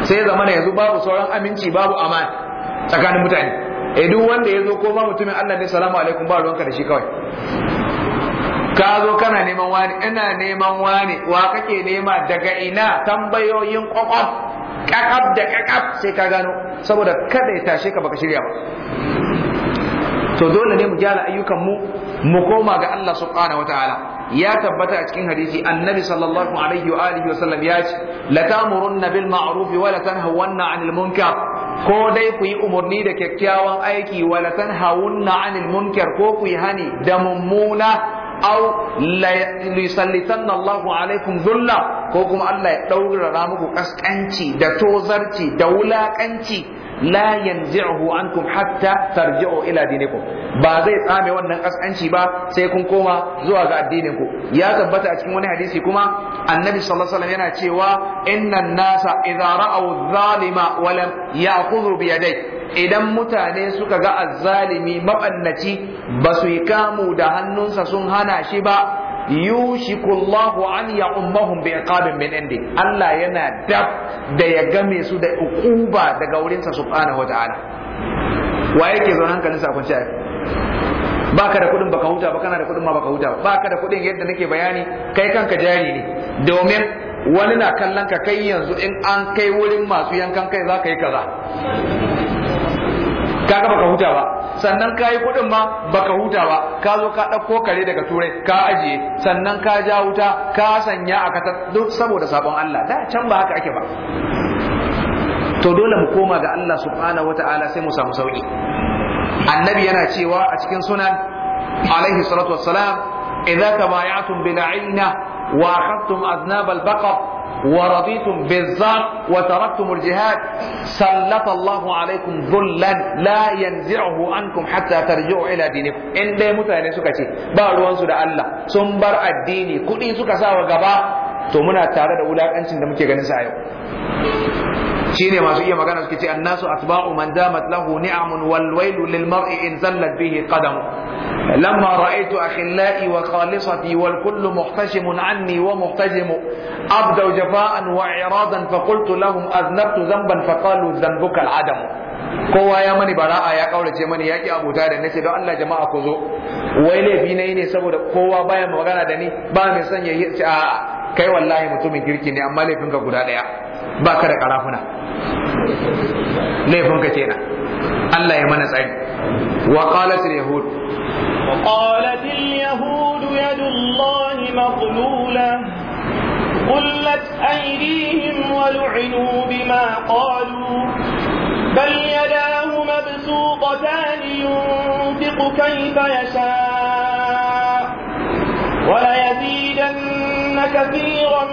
sai zamana yanzu babu sauran aminci babu amana tsakanin mutane e duk wanda ya zo ko ba mutumin Allah ne salamu alaikum ba ruwanka da shi kawai ka zo kana neman wani ina neman wani wa kake nema daga ina tambayoyin kwakwaf kakaf da kakaf sai ka gano saboda kada ya tashe ka baka shirya ba to dole ne mu gyara ayyukan mu mu koma ga Allah subhanahu wataala ya tabbata a cikin hadisi annabi sallallahu alaihi wa alihi wa sallam ya ce la ta'murunna bil ma'ruf wa la tanhawanna 'anil munkar ko dai ku yi umarni da kyakkyawan aiki wala tanhawunna 'anil munkar ko ku yi hani da mummuna Au lisallitanna Allahu alaikum zulla ko kuma Allah ya daurara muku kaskanci da tozarci da wulakanci la yanzi'uhu ankum hatta tarji'u ila dinikum ba zai tsame wannan kaskanci ba sai kun koma zuwa ga addinin ku ya tabbata a cikin wani hadisi kuma annabi sallallahu alaihi yana cewa innan nasa idza ra'aw zalima wa lam ya'khudhu bi idan mutane suka ga azzalimi mabannaci ba su yi kamu da hannunsa sun hana shi ba yushikullahu an ya ummahum bi iqabin min indi Allah yana dab da ya game su da ukuba daga wurin wurinsa subhanahu wa ta'ala wa yake zo hankalin sa kunce baka da kudin baka huta ba na da kudin ma baka huta baka da kudin yadda nake bayani kai kanka jari ne domin wani na kallon ka kai yanzu in an kai wurin masu yankan kai za ka yi kaza Ka kaga baka huta ba sannan ka yi kuɗin ma baka huta ba ka zo ka ɗauko kare daga turai ka ajiye sannan ka ja wuta ka sanya a kata duk saboda sabon Allah da can ba haka ake ba to dole mu koma ga Allah subhanahu wata'ala sai mu samu sauki annabi yana cewa a cikin sunan alaihi salatu wassalam idza tabaya'tum bil 'ayna wa akhadtum aznab al-baqar ورضيتم بالزار وتركتم الجهاد سلط الله عليكم ذلا لا ينزعه عنكم حتى ترجعوا الى دينكم ان dai mutane suka ce ba ruwansu da Allah sun bar addini kuɗi suka sawa gaba to muna tare da wulakancin da muke ganin yau shine masu iya magana suke ce annasu atba'u man damat lahu ni'amun wal wailu lil mar'i in zallat bihi qadamu lamma ra'aytu akhillai wa khalisati wal kullu muhtashimun anni wa muhtajimu abdau jafa'an wa i'radan fa qultu lahum aznabtu dhanban fa qalu dhanbuka al adam kowa ya mani bara'a ya kaurace mani ya ki abota da nace don Allah jama'a ku zo wai laifi na yi ne saboda kowa baya magana da ni ba mai son ya yi a kai wallahi mutumin kirki ne amma laifinka guda daya ba ka da karafuna laifin ka kenan Allah ya mana tsari wa qalat al yahud wa qalat al yahud yadu Allah maqlula lu'inu bima qalu bal yadahu mabsuqatan yunfiqu kayfa yasha wa la وليزيدن كثيرا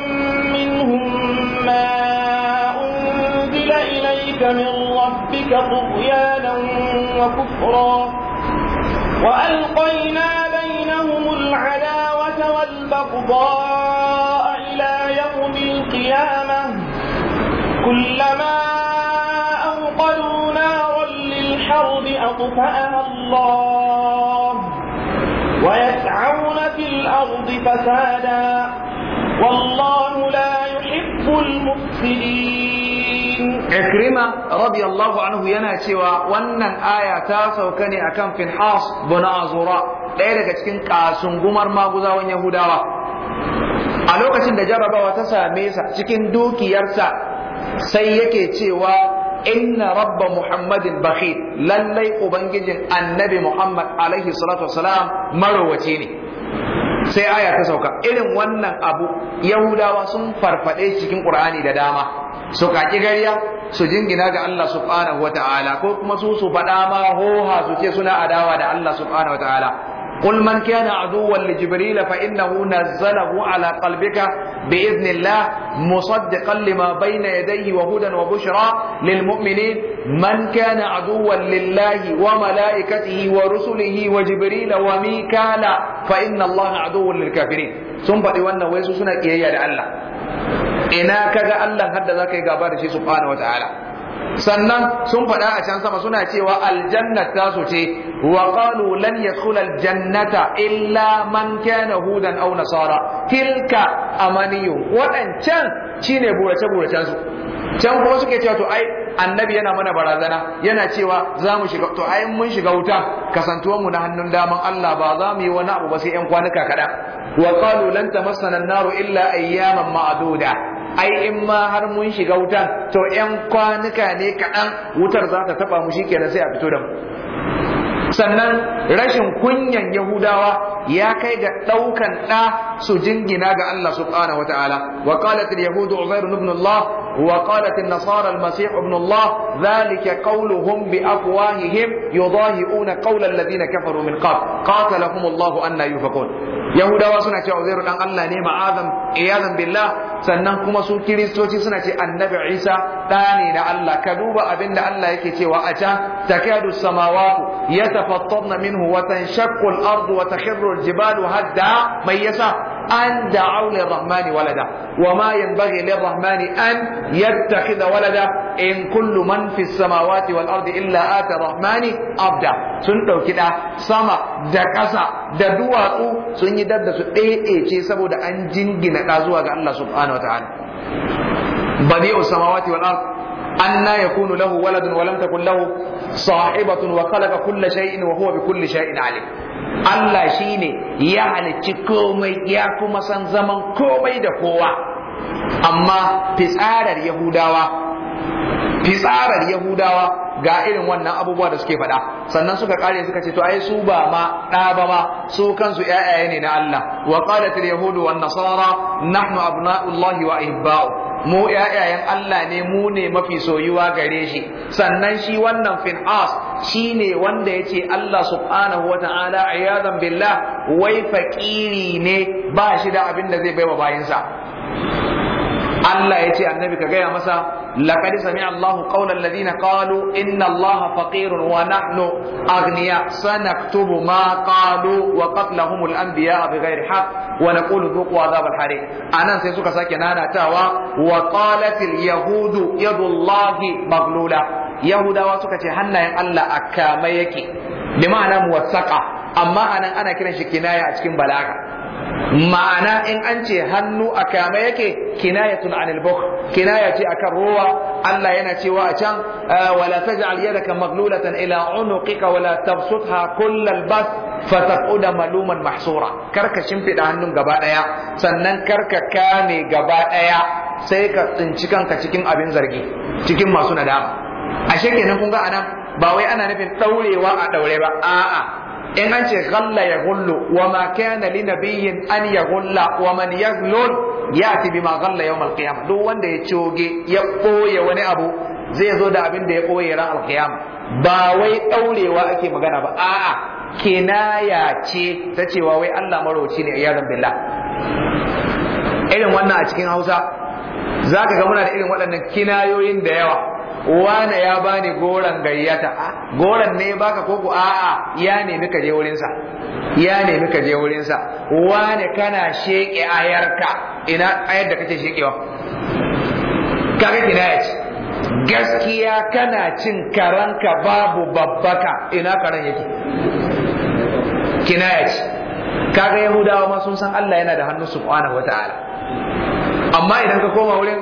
منهم ما أنزل إليك من ربك طغيانا وكفرا وألقينا بينهم العداوة والبغضاء إلى يوم القيامة كلما أوقدوا نارا للحرب أطفأها الله ويسعون في الأرض فسادا والله لا يحب المفسدين إكرمة رضي الله عنه aya وأن آية ne أكم في الحاص بن أزراء ɗaya daga cikin kasungumar maguzawan Yahudawa a lokacin da jarabawa ta same sa cikin dukiyarsa sai yake cewa inna rabba muhammadin bakhil lallai ubangijin annabi muhammad alaihi salatu wasalam marowace ne sai aya ta sauka irin wannan abu yahudawa sun farfade cikin qur'ani da dama su kaki gariya su jingina ga Allah subhanahu wataala ko kuma su su faɗa ma hoha su ce suna adawa da Allah subhanahu wataala قل من كان عدوا لجبريل فإنه نزله على قلبك بإذن الله مصدقا لما بين يديه وهدى وبشرى للمؤمنين من كان عدوا لله وملائكته ورسله وجبريل وميكال فإن الله عدو للكافرين ثم بدي وانا ويسوسنا إيايا لألا إنا كذا ألا هدى ذاك يقابل شيء سبحانه وتعالى sannan sun faɗa a can sama suna cewa aljanna ta su ce wa qalu lan yadkhula aljannata illa man kana hudan aw nasara tilka amaniyu waɗancan shine burace buracen su can kuma suke cewa to ai annabi yana mana barazana yana cewa za mu shiga to ai mun shiga wuta kasantuwan mu na hannun daman Allah ba za mu yi wani abu ba sai yan kwanuka kaɗan wa qalu lan tamassana an illa ayyaman ma'duda ai in ma har mun shiga wutan to yan kwanuka ne kaɗan wutar za ta taɓa mu shi kenan sai a fito da mu sannan rashin kunyan yahudawa ya kai ga ɗaukan ɗa su jingina ga Allah subhanahu wa wa qalat al-yahudu uzair ibn Allah wa qalat an-nasara al-masih ibn Allah dhalika qawluhum bi afwahihim yudahi'una qawla alladhina kafaru min qabl qatalahum Allah anna yufakun yahudawa suna cewa uzairu dan Allah ne ma'azam iyadan billah sannan kuma su kiristoci suna ce annabi Isa ɗa ne na Allah ka duba abinda Allah yake cewa a can takadu samawatu yata yatafattarna minhu wa tanshaqqu al-ardu wa takhirru al-jibalu hadda mai yasa أن دعوا للرحمن ولدا وما ينبغي للرحمن أن يتخذ ولدا إن كل من في السماوات والأرض إلا آتى الرحمن أبدا سنتو كده سما دكسا ددواتو سنجي دد إيه إيه شيء سبو دا أنجين جنة الله سبحانه وتعالى بديع السماوات والأرض anna yakunu lahu waladun wa lam takun lahu sahibatun wa khalaqa kulla shay'in wa huwa bi kulli shay'in Allah shine ya halicci komai ya kuma san zaman komai da kowa amma fitsarar yahudawa fitsarar yahudawa ga irin wannan abubuwa da suke faɗa sannan suka kare suka ce to ai su ba ma ɗa ba ma su kansu ƴaƴaye ne na Allah wa qalat Yahudu wa nasara nahnu abna'ullahi wa ahibba'u mu ƴaƴayen Allah ne mu ne mafi soyuwa gare shi sannan shi wannan fin'as shi ne wanda yace Allah subhanahu wa ta'ala ayadan billah wai fakiri ne ba shi da abin da zai wa bayinsa Allah ya ce annabi ka gaya masa laqad sami Allah qawla alladhina qalu inna Allah faqirun wa nahnu aghniya sanaktubu ma qalu wa qatlahum al-anbiya bighairi haqq wa naqulu dhuqu adhab al-hariq anan sai suka sake nanatawa wa qalat al-yahud yadullahi maghlula yahudawa suka ce hannayen Allah a kama yake bi ma'ana muwassaqa amma anan ana kiran shi kinaya a cikin balaga ma'ana in an ce hannu a kame yake kinayatun anil bukh kinaya ce akan ruwa Allah yana cewa a can ah, wala taj'al yadaka maglulatan ila unuqika wala tabsutha kullal bas fataquda maluman mahsura karka shimfida hannun gaba daya sannan karka kame gaba daya sai ka tsinci kanka cikin abin zargi cikin masu nadama ashe kenan kun ga anan ba wai ana nufin daurewa a daure ba a'a in an ce ghalla ya gullu wa ma kana li nabiyyin an ya gulla wa man yaghlul yati bima ghalla yawm al-qiyamah duk wanda ya coge ya koye wani abu zai zo da abin da ya koye ran al-qiyamah ba wai daurewa ake magana ba a'a kinaya ce ta cewa wai Allah marauci ne iyadan billah irin wannan a cikin Hausa zaka ga muna da irin waɗannan kinayoyin da yawa wane ya bani goran gayyata a goran ne baka koko a'a ya nemi ka je wurinsa ya nemi ka je wurinsa wane kana sheke ayarka ina ayar da kake shekewa kaga kinaya ce gaskiya kana cin karanka babu babbaka ina karan yake kinaya ce kaga yahudawa ma sun san Allah yana da hannu subhanahu wataala amma idan ka koma wurin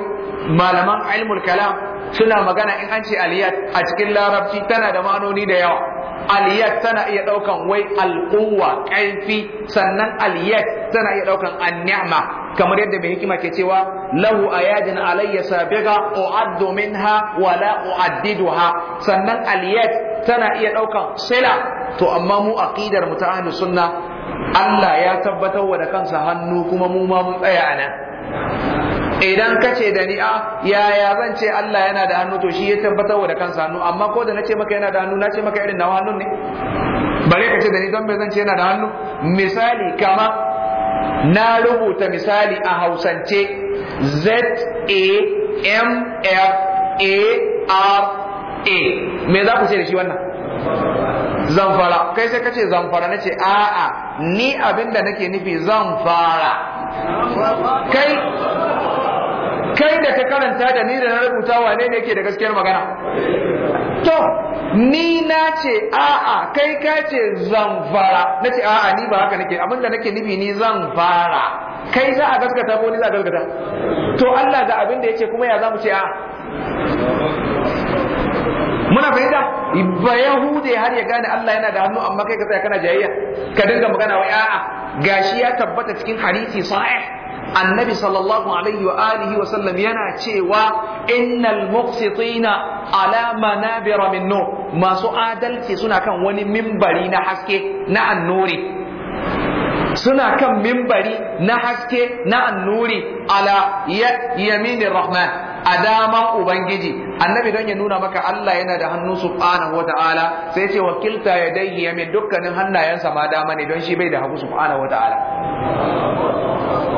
malaman ilmul kalam suna magana in an ce aliyat a cikin larabci tana da ma'anoni da yawa aliyat tana iya daukan wai alquwa kaifi sannan aliyat tana iya daukan an'ama kamar yadda mai hikima ke cewa lahu ayadin alayya sabiga u'addu minha wa la u'addiduha sannan aliyat tana iya daukan sila to amma mu aqidar mu ta ahlus sunna Allah ya tabbatar wa da kansa hannu kuma mu ma mun tsaya nan idan ka ce da ni a ah, yaya zan ce Allah yana da hannu to shi ya tabbatar da kansa hannu amma ko da nace maka yana da hannu nace maka irin nawa hannun ne bare ka ce da ni don me zan ce yana da hannu misali kama na rubuta misali a Hausance Z A M F A R A me za ku ce da shi wannan zamfara kai sai ka ce zamfara na ce a'a ni abinda nake nufi zamfara kai kai da ka karanta da ni da na rubuta wane ne ke da gaskiyar magana to ni na ce a'a kai ka ce zamfara na ce a'a ni ba haka nake abinda nake nufi ni zan fara. kai za a gaskata ko ni za a gaskata to Allah da abinda yake kuma ya zamu ce a? muna fahimta ba yahude har ya gane Allah yana da hannu amma kai ka tsaya kana jayayya ka dinga magana wai a'a gashi ya tabbata cikin hadisi sahih annabi sallallahu alaihi wa alihi wa sallam yana cewa innal muqsitina ala manabira min nur masu adalci suna kan wani mimbari na haske na annuri suna kan mimbari na haske na annuri ala Yamini rahman a daman ubangiji annabi don ya nuna maka Allah yana da hannu subhanahu wa ta'ala sai ce wakilta ya dai yamin dukkanin hannayensa ma dama ne don shi bai da hagu subhanahu wa ta'ala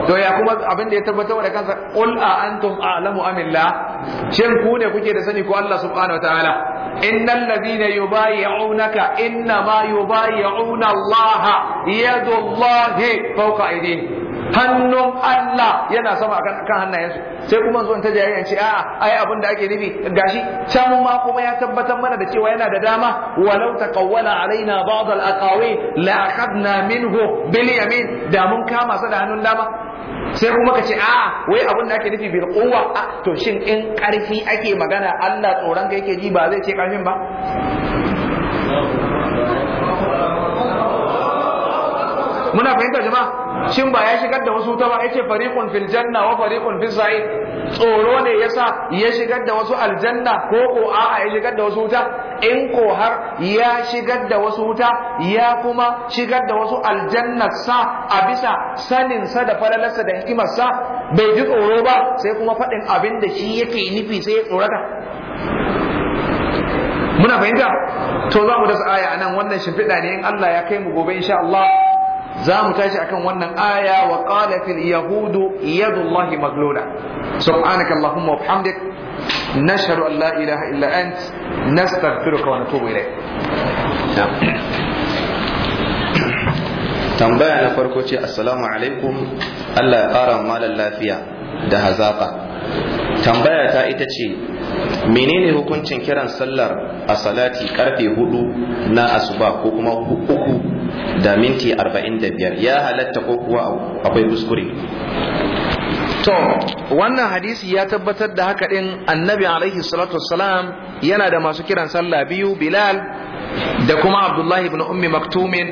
to ya kuma abin da ya tabbatar da kansa qul a antum a'lamu amillah shin ku ne kuke da sani ko Allah subhanahu wataala innal ladina yubayyi'unaka inna ma yubayyi'una Allah yadullahi fawqa aydihim hannun Allah yana sama akan kan hannayensu sai kuma zo ta jayayya ce a'a ai abin da ake nufi gashi can ma kuma ya tabbatar mana da cewa yana da dama walau taqawwala alaina ba'd al-aqawi la akhadna minhu bil yamin da mun kama sa da hannun dama sai kuma ka ce a wai abin da ake nufi bil quwwa to shin in karfi ake magana Allah tsoron ka yake ji ba zai ce karfin ba muna fahimta jama'a shin ba ya shigar da wasu ta ba yace fariqun fil janna wa fariqun fis sa'id tsoro ne ya sa ya shigar da wasu aljanna ko ko a'a ya shigar da wasu wuta in ko har ya shigar da wasu wuta ya kuma shigar da wasu aljanna sa a bisa saninsa da falalarsa da hikimar sa bai ji tsoro ba sai kuma faɗin abin da shi yake nufi sai ya tsorata muna fahimta to za mu dasa aya nan wannan shimfiɗa ne in Allah ya kai mu gobe insha Allah za mu tashi akan wannan aya wa qala fil yahudu yadullahi maglula subhanaka allahumma wa bihamdik nashhadu an la ilaha illa ant nastaghfiruka wa natubu ilayk tambaya na farko ce assalamu alaikum Allah ya ƙara malan lafiya da hazaƙa tambaya ta ita ce menene hukuncin kiran sallar a salati karfe hudu na asuba ko kuma uku da minti 45 ya halatta ko kuwa akwai kuskure to wannan hadisi ya tabbatar da haka din annabi alaihi salatu wassalam yana da masu kiran sallah biyu bilal da kuma abdullahi ibn ummi maktumin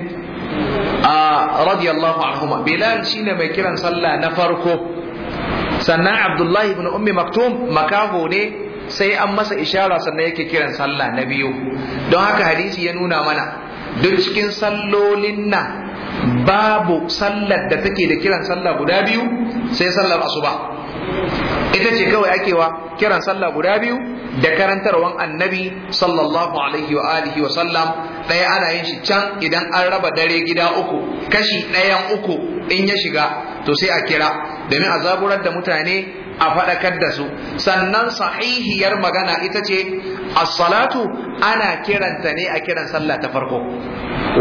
a radiyallahu anhuma bilal shine mai kiran sallah na farko sannan abdullahi ibn ummi maktum makaho ne sai an masa ishara sannan yake kiran sallah na biyu don haka hadisi ya nuna mana duk cikin sallolin nan babu sallar da take da kiran sallah guda biyu sai sallar asuba ita ce kawai akewa kiran sallah guda biyu da karantarwan annabi sallallahu alaihi wa alihi wa sallam ɗaya ana yin shi can idan an raba dare gida uku kashi ɗayan uku in ya shiga to sai a kira domin a zaburar da mutane a faɗakar da su sannan sahihiyar magana ita ce as-salatu ana kiranta ne a kiran sallah ta farko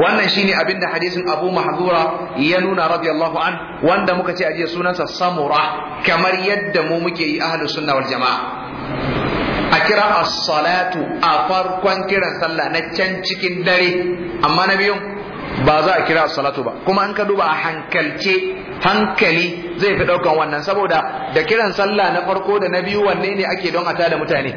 wannan shine abinda hadisin Abu Mahdura ya nuna radiyallahu an wanda muka ce ajiye sunansa samura kamar yadda mu muke yi ahlus sunna wal jama'a a kira as-salatu a farkon kiran sallah na can cikin dare amma na biyun ba za a kira salatu ba kuma an ka duba a hankalce hankali zai fi ɗaukan wannan saboda da kiran sallah na farko da na biyu wanne ne ake don a tada mutane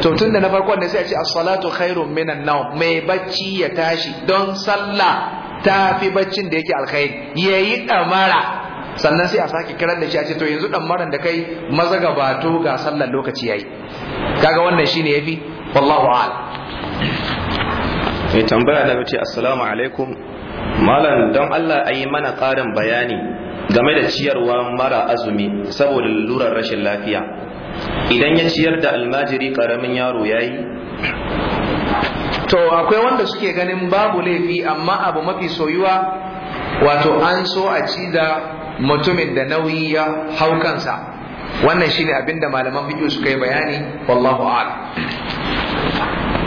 to tun da na farko ne sai a ce as-salatu khairu minan nawm mai bacci ya tashi don sallah ta fi baccin da yake alkhairi yayi damara sannan sai a sake kiran da shi a ce to yanzu damaran da kai maza gabato ga sallar lokaci yayi kaga wannan shine yafi wallahu a'lam mai tambaya na ce assalamu alaikum malam don allah a yi mana ƙarin bayani game da ciyarwa mara azumi saboda lalurar rashin lafiya idan ya ciyar da almajiri karamin yaro ya yi to akwai wanda suke ganin babu laifi amma abu mafi soyuwa wato an so a ci da mutumin da nauyi ya haukansa, wannan shine abinda malaman biyu suka yi bayani wallahu a'lam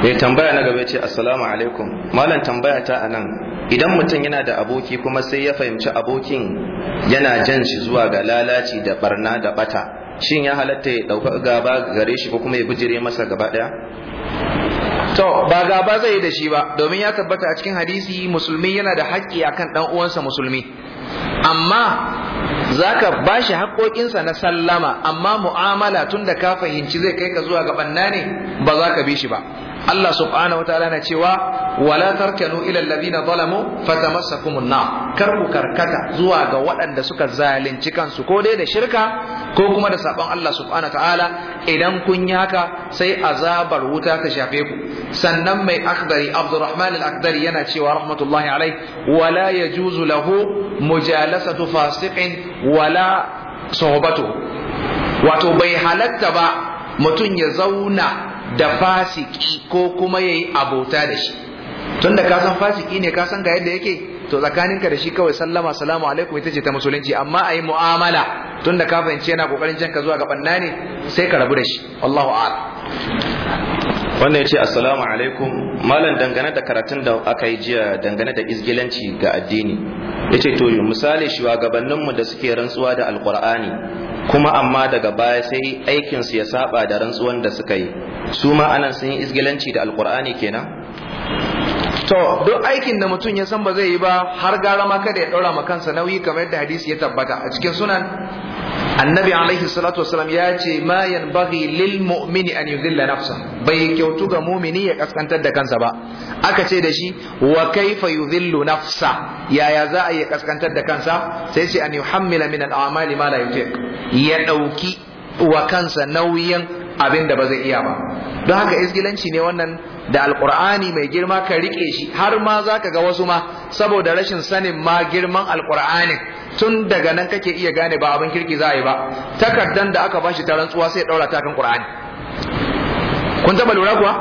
mai tambaya na gaba ce assalamu alaikum malam tambaya ta anan idan mutum yana da aboki kuma sai ya fahimci abokin yana jan shi zuwa ga lalaci da barna da bata shin ya halatta ya dauka gaba gare shi ko kuma ya bijire masa gaba daya to ba gaba zai yi da shi ba domin ya tabbata a cikin hadisi musulmi yana da haƙƙi akan dan uwansa musulmi amma zaka ba shi haƙƙoƙinsa na sallama amma mu'amala tunda ka fahimci zai kai ka zuwa ga banna ne ba za ka bi shi ba Allah subhanahu wa ta'ala na cewa wala tarkanu ila alladhina zalamu fatamassakum an-nar kar ku karkata zuwa ga waɗanda suka zalunci kansu ko dai da shirka ko kuma da sabon Allah subhanahu wa ta'ala idan kun yi haka sai azabar wuta ta shafe ku sannan mai akhdari Abdurrahman al-Akhdari yana cewa rahmatullahi alaihi wala yajuzu lahu mujalasatu fasiqin wala sohbatu wato bai halatta ba mutum ya zauna da fasiki ko kuma yayi abota da shi tunda ka san fasiki ne ka san ga yadda yake to tsakaninka da shi kawai sallama salamu alaikum ita ce ta musulunci amma a yi mu'amala tunda ka fahimci yana kokarin canka zuwa ga banna ne sai ka rabu da shi Allahu a'lam wannan ya ce assalamu alaikum malam dangane da karatun da aka yi jiya dangane da izgilanci ga addini ya ce to misali shugabanninmu da suke rantsuwa da alkur'ani kuma amma daga baya sai aikinsu ya saba da rantsuwan da suka yi su ma anan sun yi izgilanci da alkur'ani kenan to duk aikin da mutum ya san ba zai yi ba har gara ma kada ya daura ma kansa nauyi kamar yadda hadisi ya tabbata a cikin sunan annabi alaihi salatu wasalam ya ce ma yanbaghi lil mu'mini an yudilla nafsa bai kyautu ga mumini ya kaskantar da kansa ba aka ce da shi wa kaifa yudhillu nafsa yaya za a yi kaskantar da kansa sai ce an yuhammila min al'amali a'mali ma la yutiq ya ɗauki wa kansa nauyin abin da ba zai iya ba don haka izgilanci ne wannan da alkur'ani mai girma ka rike shi har ma za ka ga wasu ma saboda rashin sanin ma girman alkur'ani tun daga nan kake iya gane ba abin kirki za a yi ba takardan da aka bashi ta rantsuwa sai daura ta kan qur'ani kun taba lura kuwa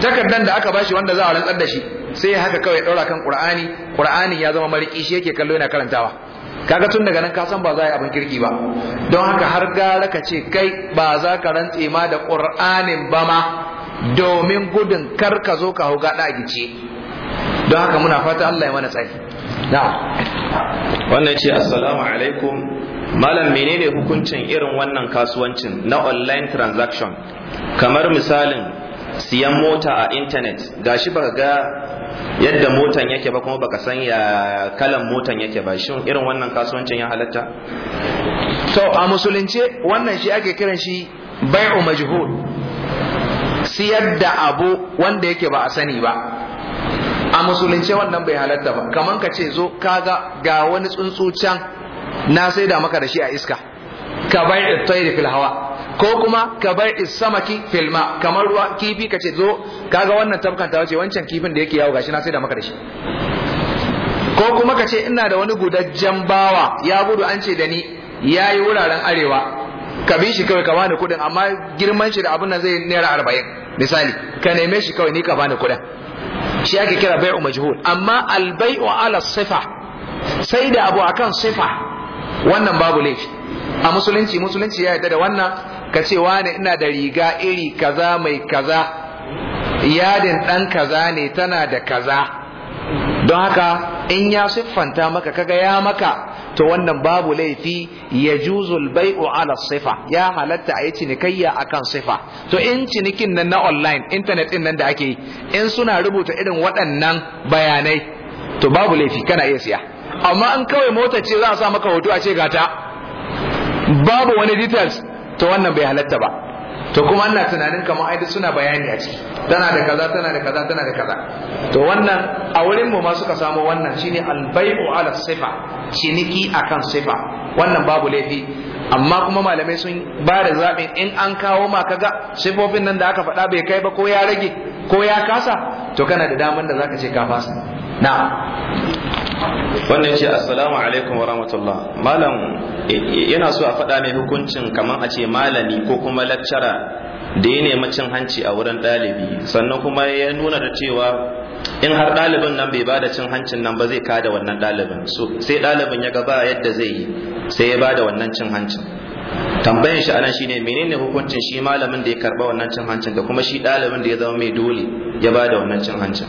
takardan da aka bashi wanda za a rantsar da shi sai haka kawai daura kan ƙur'ani ƙuranin ya zama mariki shi yake kallo yana karantawa kaga tun daga nan ka san ba za a yi abin kirki ba don haka har gara ka ce kai ba za ka rantse ma da qur'anin ba ma domin gudun kar ka zo ka hau gaɗa a gice don haka muna fata Allah ya mana tsari na wannan ce assalamu alaikum malam menene hukuncin irin wannan kasuwancin na online transaction kamar misalin siyan mota a intanet gashi baka ga yadda motan yake ba kuma baka san ya kalan motan yake ba shin irin wannan kasuwancin ya halatta to a musulunce wannan shi ake kiran shi bai'u majhul siyar da abu wanda yake ba a sani ba a musulunce wannan bai halatta ba kaman ka ce zo kaga ga wani tsuntsu can na sai da maka da shi a iska ka bai'u tayri fil hawa ko kuma ka bar isamaki filma kamar ruwa kifi ka ce zo kaga wannan tabkan ta wace wancan kifin da yake yawo gashi na sai da maka da shi ko kuma ka ce ina da wani gudajjen bawa ya gudu an ce da ni ya yi wuraren arewa ka bi shi kawai ka bani kuɗin amma girman shi da abin nan zai naira arba'in misali ka neme shi kawai ni ka bani kuɗin shi ake kira bai'u majhul amma albai'u ala sifa sai da abu akan sifa wannan babu laifi a musulunci musulunci ya yarda da wannan ka ce wane ina da riga iri kaza mai kaza yadin dan kaza ne tana da kaza don haka in ya siffanta maka kaga ya maka to wannan babu laifi ya juzul bai'u ala sifa ya halatta a yi cinikayya a kan sifa to in cinikin nan na online internet din nan da ake yi in suna rubuta irin waɗannan bayanai to babu laifi kana iya siya amma in kawai mota ce za a sa maka hoto a ce gata babu wani details to wannan bai halatta ba to kuma ana tunanin kamar ai suna bayani a ciki tana da kaza tana da kaza tana da kaza to wannan a wurin mu ma suka samu wannan shine albai'u ala sifa ciniki akan sifa wannan babu laifi amma kuma malamai sun ba da zaɓin in an kawo ma kaga sifofin nan da aka faɗa bai kai ba ko ya rage ko ya kasa to kana da daman da zaka ce ka fasa na wannan ce assalamu alaikum wa rahmatullah malam e, e, yana so a faɗa mai hukuncin kamar a ce malami ko kuma lakcara da ya nemi cin hanci a wurin ɗalibi sannan kuma ya nuna da cewa in har ɗalibin nan bai bada cin hancin nan ba zai kada wannan ɗalibin sai ɗalibin ya gaba yadda zai yi sai ya bada wannan cin hancin tambayar shi anan shine menene hukuncin shi malamin da ya karba wannan cin hancin da kuma shi dalibin da ya zama mai dole ya ba da wannan cin hancin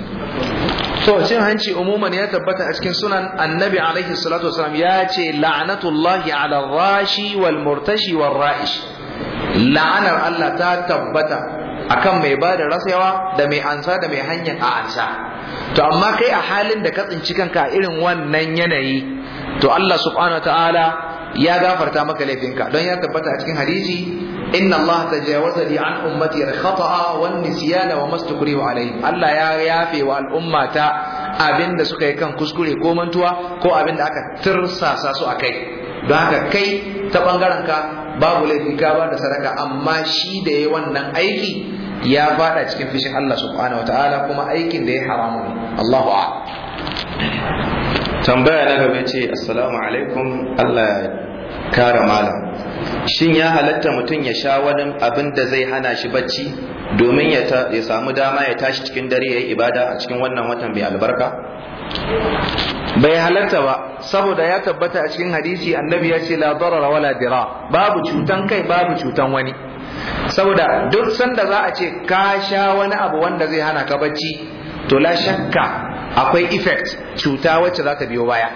so cin hanci umuman ya tabbata a cikin sunan annabi alaihi salatu wasalam ya ce la'anatullahi ala rashi wal murtashi wal ra'ish la'anar Allah ta tabbata akan mai ba da rasayawa da mai ansa da mai hanyar a ansa to amma kai a halin da ka tsinci kanka irin wannan yanayi to Allah subhanahu wa ta'ala ya gafarta maka laifinka don ya tabbata a cikin hadisi inna Allah tajawaza li an ummati al-khata'a wan nisyana wa wa alayhi Allah ya yafe wa al'ummata abinda suka yi kan kuskure ko mantuwa ko abinda aka tirsasa su akai don haka kai ta bangaren ka babu laifi ka ba da sadaka amma shi da yayi wannan aiki ya fada cikin fishin Allah subhanahu wataala kuma aikin da ya haramu Allahu a'lam tambaya na gaba ce assalamu alaikum Allah kare malam shin ya halatta mutum ya sha wani abin da zai hana shi bacci domin ya samu dama ya tashi cikin dare ya yi ibada a cikin wannan watan mai albarka bai halarta ba saboda ya tabbata a cikin hadisi annabi ya ce la darara wala dira babu cutan kai babu cutan wani saboda duk sanda za a ce ka sha wani abu wanda zai hana ka bacci to la shakka akwai effect cuta wacce za ta biyo baya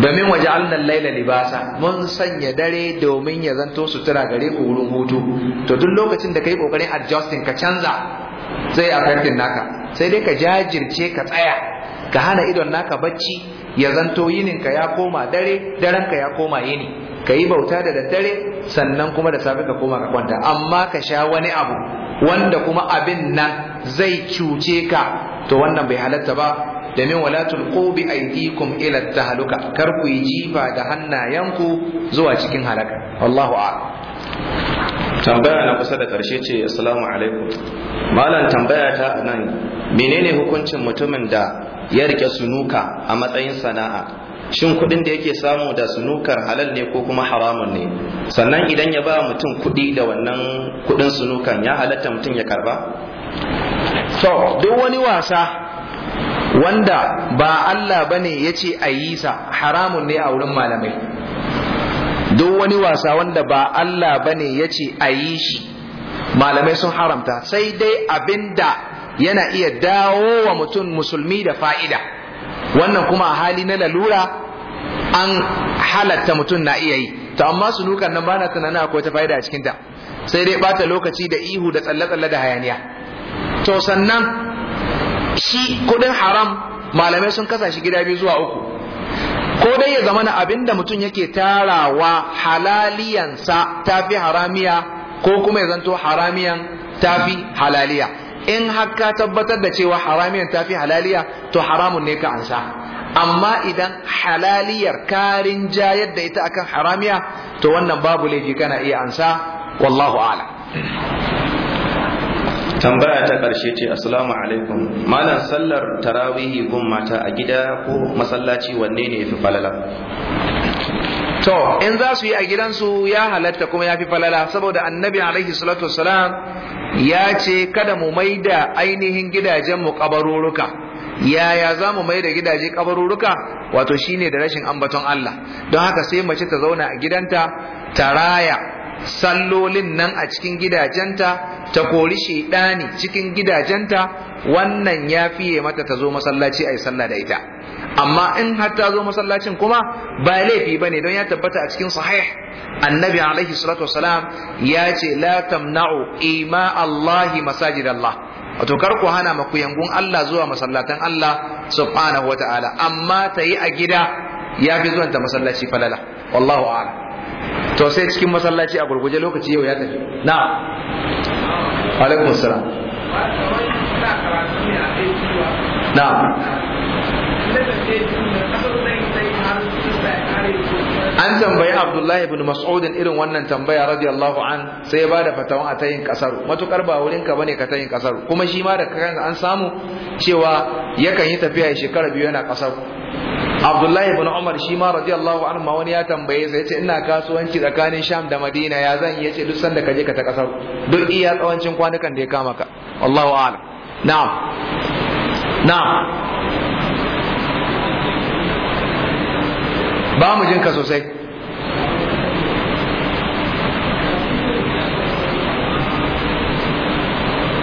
domin waje allan laila libasa mun sanya dare domin ya zanto sutura gare ku wurin hutu to duk lokacin da kai kokarin adjusting ka canza zai affecting naka sai dai ka jajirce ka tsaya ka hana idon naka bacci ya zanto yinin ka ya koma dare daren ka ya koma yini ka yi bauta da daddare sannan kuma da safe ka koma ka kwanta amma ka sha wani abu wanda kuma abin nan zai cuce ka to wannan bai halatta ba domin wala tulqu bi aydikum ila tahluka kar ku yi jifa da hannayenku zuwa cikin halaka wallahu a tambaya na kusa da karshe ce assalamu alaikum malam tambaya ta nan menene hukuncin mutumin da ya rike sunuka a matsayin sana'a shin kuɗin da yake samu da sunukar halal ne ko kuma haramun ne sannan idan ya ba mutum kuɗi da wannan kuɗin sunukan ya halatta mutum ya karba so duk wani wasa wanda ba Allah bane ya ce a yi sa haramun ne a wurin malamai duk wani wasa wanda ba Allah bane ya ce a yi shi malamai sun haramta sai dai abinda yana iya dawo wa mutum musulmi da fa'ida wannan kuma a hali na lalura an halatta mutum na iya yi to amma nukan nan na tunanin akwai ta fa'ida a cikinta sai dai bata lokaci da ihu da tsalle-tsalle da hayaniya to sannan shi kuɗin haram malamai sun kasa shi gida biyu zuwa uku ko dai ya zama na abin da mutum yake tarawa halaliyansa fi haramiya ko kuma ya zanto haramiyan fi halaliya in haka tabbatar da cewa haramiyan fi halaliya to haramun ne ka ansa amma idan halaliyar karin jayar da ita akan haramiya to wannan babu laifi kana iya ansa wallahu a'lam tambaya ta ƙarshe ce assalamu alaikum malam sallar tarawihi gun mata a gida ko masallaci wanne ne ya fi falala to in za su yi a gidansu ya halatta kuma ya fi falala saboda annabi alaihi salatu wassalam ya ce kada mu maida ainihin gidajen mu kabaruruka yaya za mu mai da gidaje kabaruruka wato shine da rashin ambaton Allah don haka sai mace ta zauna a gidanta ta raya sallolin nan a cikin gidajenta ta kori shaidani cikin gidajenta wannan ya fiye mata ta zo masallaci a yi sallah da ita amma in har ta zo masallacin kuma ba laifi ba ne don ya tabbata a cikin sahih annabi alaihi salatu wasalam ya ce la tamna'u ima allahi masajid allah wato kar ku hana maku yangun allah zuwa masallatan allah subhanahu wa ta'ala amma ta yi a gida ya fi zuwanta masallaci falala wallahu a'lam to sai cikin masallaci a gurguje lokaci yau ya tafi na alaikum salam na an tambayi abdullahi ibn mas'udin irin wannan tambaya radiyallahu an sai ya bada fatawan a tayin kasar matukar ba wurin ka bane ka tayin kasar kuma shi ma da kanka an samu cewa yakan yi tafiya shekara biyu yana kasar abdullahi ibn umar shi ma radiyallahu anhu wani ya tambaye sa yace ina kasuwanci tsakanin sham da madina ya zan yace duk sanda ka ka ta kasar duk iya tsawancin kwanukan da ya kama ka wallahu a'lam na'am na'am ba mu jinka sosai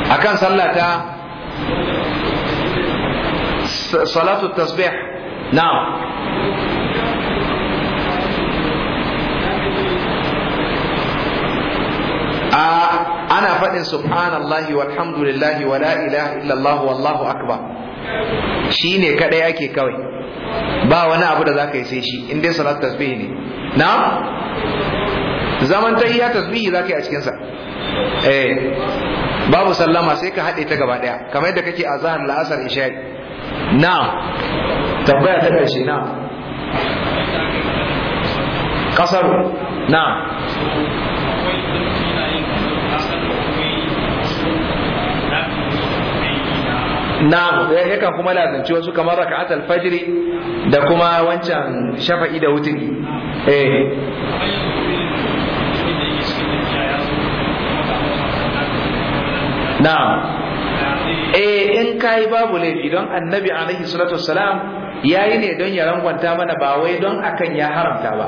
akan sallata salatu tasbih na'am ana faɗin subhanallahi walhamdulillahi wa la ilaha illallah wallahu akbar shi ake kawai ba wani abu da za yi sai shi in dai tasbihi ne na zaman ta tasbihi za a cikinsa eh. babu sallama sai ka haɗe ta gaba ɗaya kamar da kake a zahar la'asar isha'i na tambaya ta ƙarshe na kasar na na ya yakan kuma lazanci wasu kamar raka'at alfajiri da kuma wancan shafa'i da wuturi eh Na eh in kai babu laifi don annabi alaihi salatu wassalam yayi ne don ya rangwanta mana ba wai don akan ya haramta ba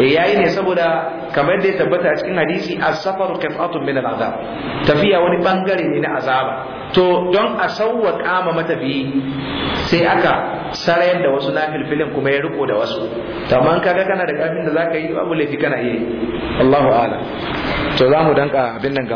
eh, yayi ne saboda kamar da ya tabbata a cikin hadisi as-safaru kafatun min al-azab tafiya wani bangare ne na azaba to don a sauwa ma matafiyi sai aka sarayar da wasu nafilfilin kuma ya riko da wasu to man kaga kana da kafin da zaka yi babu laifi kana iya Allahu a'lam to zamu danka abin nan ga